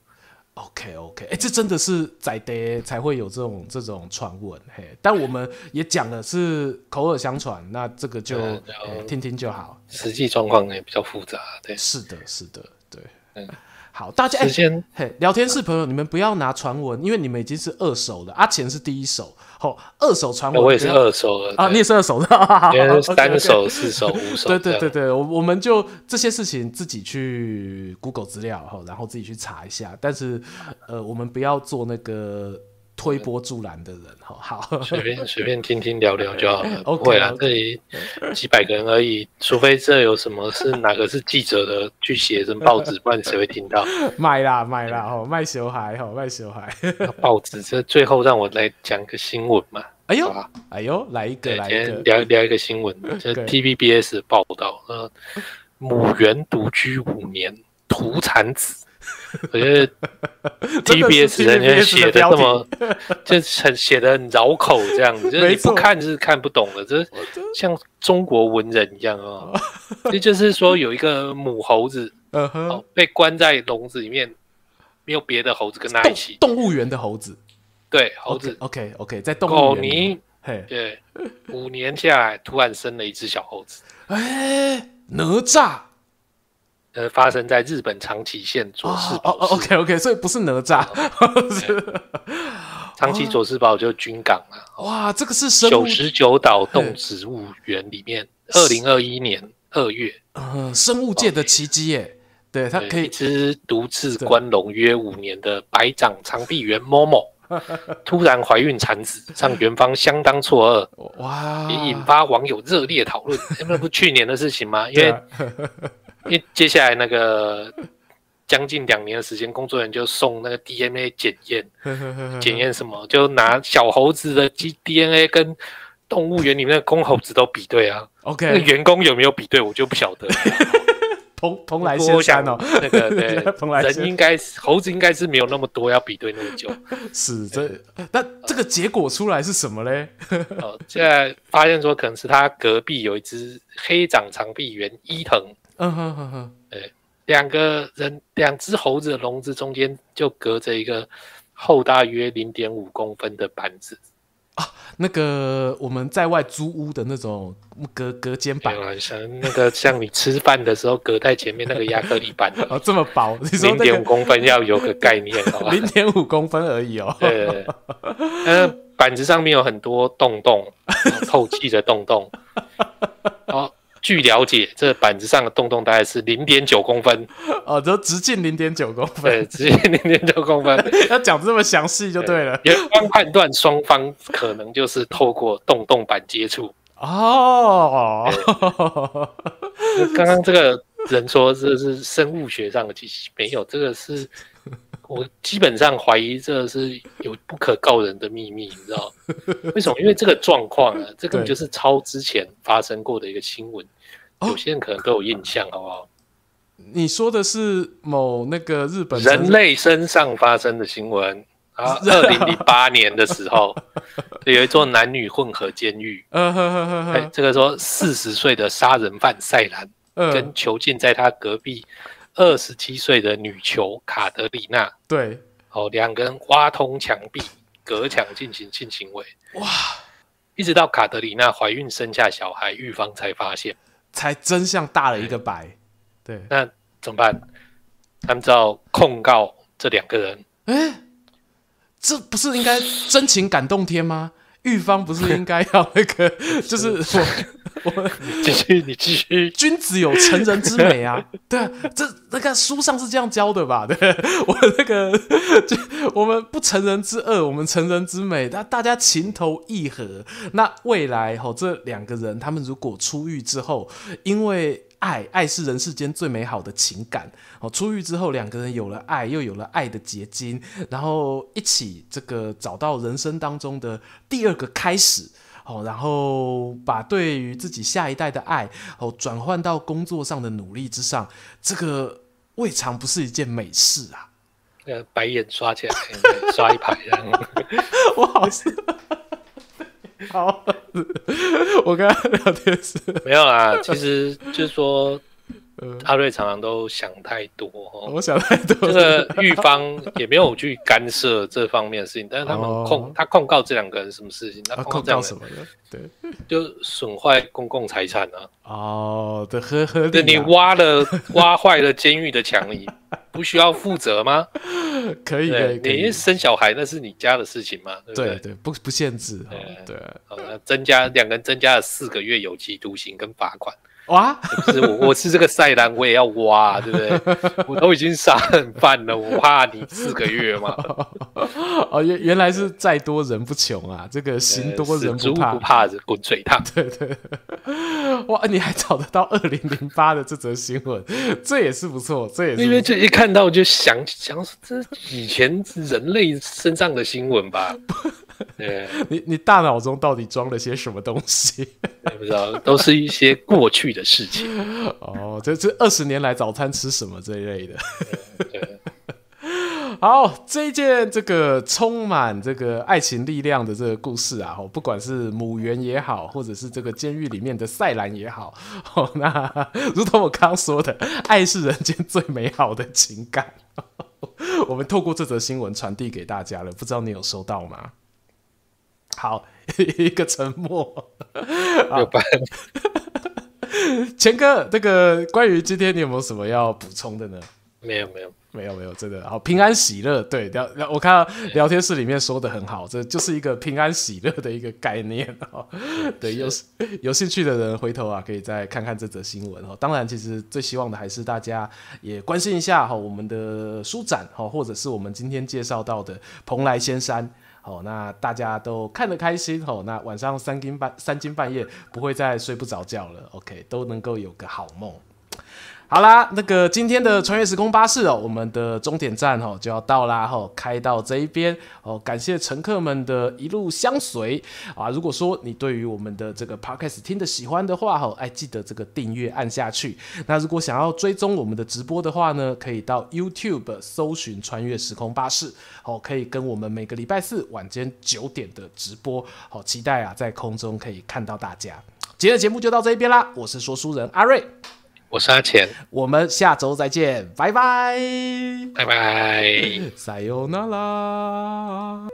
Speaker 2: OK，OK，okay, okay. 哎、欸，
Speaker 1: 這真的是在地才會有這種、嗯、這種傳聞，嘿，但我們也講了是口耳相傳，那這個就、嗯欸嗯、聽聽就好，
Speaker 2: 實際狀況也比較複雜，對，是的，是的，對。嗯好，大家、欸、
Speaker 1: 嘿，聊天室朋友，你們不要拿傳聞，因為你們已經是二手了。阿錢是第一手，吼、哦，二手傳聞，我也是二手啊，你也是二手的，哈哈哈哈，三手、四手、五手，對對對對，我我們就這些事情自己去 Google 資料，然後自己去查一下，但是呃，我們不要做那個。推波助瀾的人哈、嗯哦，好隨便隨便
Speaker 2: 聽聽聊聊就好了。 不會啦、啊，這、okay, 裡、okay, okay, okay, 幾百個人而已， 除非這有什麼是 哪個是記者的去寫成報紙， 不然誰會聽到？
Speaker 1: 賣啦賣啦哦，賣小孩哦，賣小孩。
Speaker 2: 哦、小孩報紙這 最後讓我來講個新聞嘛。哎呦，哎呦，來一個，來一個聊一聊一個新聞，這 TVBS 報道，
Speaker 1: 母猿
Speaker 2: 獨居五年，土產子。 我覺得 T B S 人家寫的這麼， 就很寫的很繞口，這樣子， 就是你不看是看不懂的， 這像中國文人一樣啊、哦。這 就是說，有一個母猴子、uh -huh. 哦，被關在籠子裡面，沒有別的猴子跟它一起
Speaker 1: 動。動物園的猴子，
Speaker 2: 對，猴子。O K
Speaker 1: O K，在動物園裡，
Speaker 2: 嘿，對， 五年下來，突然生了一隻小猴子，
Speaker 1: 哎、 欸，哪吒。
Speaker 2: 呃，發生在日本長崎縣佐世保。哦、oh,
Speaker 1: oh,，OK，OK，、okay, okay, 所以不是哪吒。嗯、
Speaker 2: 長崎佐世保就軍港了。哇，這個是生物九十九島動植物園裡面，二零二一年二月、嗯。
Speaker 1: 生物界的奇蹟耶！對，對他可以一隻
Speaker 2: 獨自關籠約五年的白掌長臂猿 Momo，突然懷孕產子，讓園方相當錯愕。
Speaker 1: 哇！也引
Speaker 2: 發網友熱烈討論。那 不去年的事情嗎？啊、因為。因接下來那個將近兩年的時間，工作人員就送那個 DNA 檢驗，
Speaker 1: 檢 驗
Speaker 2: 什麼？就拿小猴子的基 DNA 跟動物園裡面的公猴子都比對啊。OK，那員工有沒有比對，我就不曉得 同。同同來仙山哦，那個對，蓬萊仙。人應該猴子應該是沒有那麼多要比對那麼久。
Speaker 1: 是，這、嗯、那這個結果出來是什麼嘞？哦，
Speaker 2: 現在發現說可能是他隔壁有一隻黑掌長臂猿，猿伊藤。嗯哼哼哼，哎，兩個人，兩隻猴子的籠子中間就隔着一個厚大約零點五公分的板子，
Speaker 1: 啊，那個我們在外租屋的那種隔隔間板，像那個
Speaker 2: 像你吃飯的時候隔在前面那個亞克力板哦，這
Speaker 1: 麼薄，零點五
Speaker 2: 公分要有個概念好好，好吧，零
Speaker 1: 點五公分而已哦。對對對，呃、那
Speaker 2: 個，板子上面有很多洞洞， 透氣的洞洞，啊、 哦。據了解，這個、板子上的洞洞大概是零點九公分，
Speaker 1: 哦，就直徑零點九公分，對，直徑零點九公分，
Speaker 2: 要講這麼詳細就對了。對，警方判斷雙方可能就是透過洞洞板接觸。哦 對，剛 剛這個人說這是生物學上的機器，沒有，這個是。我基本上懷疑這是有不可告人的秘密，你知道為什麼？因為這個狀況啊，這個就是超之前發生過的一個新聞，有些人可能都有印象，好不好？
Speaker 1: 你說的是某那個日本人
Speaker 2: 類身上發生的新聞啊？二零零八年的時候，有一座男女混合監獄，這個說四十歲的殺人犯賽蘭跟囚禁在他隔壁。二十七歲的女囚卡德里娜，對，哦，兩個人挖通牆壁隔牆進行性行為。哇！一直到卡德里娜懷孕生下小孩，玉芳才發現，
Speaker 1: 才真相大了一個白。
Speaker 2: 對，對，那怎麼辦？按照控告這兩個人，
Speaker 1: 誒，這不是應該真情感動天嗎？ 玉芳不是應該要那個， 就是我。 我繼續，你繼續。君子有成人之美啊，對啊，這那個書上是這樣教的吧？對，我那個，我們不成人之惡，我們成人之美，那大家情投意合，那未來哈，這兩個人他們如果出獄之後，因為愛，愛是人世間最美好的情感。哦，出獄之後，兩個人有了愛，又有了愛的結晶，然後一起這個找到人生當中的第二個開始。然後把對於自己下一代的愛哦，轉換到工作上的努力之上，這個未嘗不是一件美事啊！
Speaker 2: 呃，白眼刷起來， 刷一排。
Speaker 1: 我好，好， 我跟他聊天是 沒有啦、啊，其實就是說。
Speaker 2: 嗯、阿瑞常常都想太多，我想太多。這個獄方也沒有去干涉這方面的事情， 但是他們控、哦、他控告這兩個人什麼事情？他控告，他控告什麼呢？對，就損壞公共財產啊！
Speaker 1: 哦，對，呵呵，你挖
Speaker 2: 了挖壞了監獄的牆， 你不需要負責嗎？
Speaker 1: 可以等於
Speaker 2: 生小孩那是你家的事情嗎？對
Speaker 1: 對，不不限制。哦、
Speaker 2: 對，好、哦、增加兩個人增加了四個月有期徒刑跟罰款。哇！ 不是我，我是這個賽蘭，我也要挖，對不對？ 我都已經殺很半了，我怕你四個月嘛。
Speaker 1: 哦，原原來是再多人不窮啊，嗯、這個行多人不怕，嗯、不怕
Speaker 2: 滾水燙對對，
Speaker 1: 哇！你還找得到二零零八的這則新
Speaker 2: 聞，這也是不錯，這也是因為這一看到我就想想說，這是以前人類身上的新聞吧。 你你大腦中到底裝了些
Speaker 1: 什麼東西？ 不知道，都是
Speaker 2: 一些過去的事情 哦。這這
Speaker 1: 二十年來，早餐吃什麼這一類的。 好，這一件這個充滿這個愛情力量的這個故事啊，不管是母猿也好，或者是這個監獄裡面的賽蘭也好，哦，那如同我剛剛說的，愛是人間最美好的情感。 我們透過這則新聞傳遞給大家了，不知道你有收到嗎？好，一個沉默，
Speaker 2: 有辦？
Speaker 1: 錢 哥，這個關於今天你有沒有什麼要補充的呢？
Speaker 2: 沒有，沒
Speaker 1: 有，沒有，沒有，這個好，平安喜樂，對聊，我看到聊天室裡面說的很好、嗯，這就是一個平安喜樂的一個概念。嗯、哦。對，是有有興趣的人回頭啊，可以再看看這則新聞哦。當然，其實最希望的還是大家也關心一下哈、哦，我們的書展哈、哦，或者是我們今天介紹到的蓬萊仙山。好、哦，那大家都看得開心，好、哦，那晚上三更半三更半夜不會再睡不着覺了，OK，都能夠有個好夢。好啦，那個今天的穿越時空巴士哦，我們的終點站哦，就要到啦，吼、哦，開到這一邊哦，感謝乘客們的一路相隨啊、哦。如果說你對於我們的這個 Podcast 聽的喜歡的話，吼、哦，哎，記得這個訂閱按下去。那如果想要追蹤我們的直播的話呢，可以到 YouTube 搜尋穿越時空巴士，哦，可以跟我們每個禮拜四晚間九點的直播，好、哦、期待啊，在空中可以看到大家。今天的節目就到這一邊啦，我是說書人阿瑞。我是阿錢，我們下周再見，拜拜，拜
Speaker 2: 拜，
Speaker 1: 莎喲娜啦。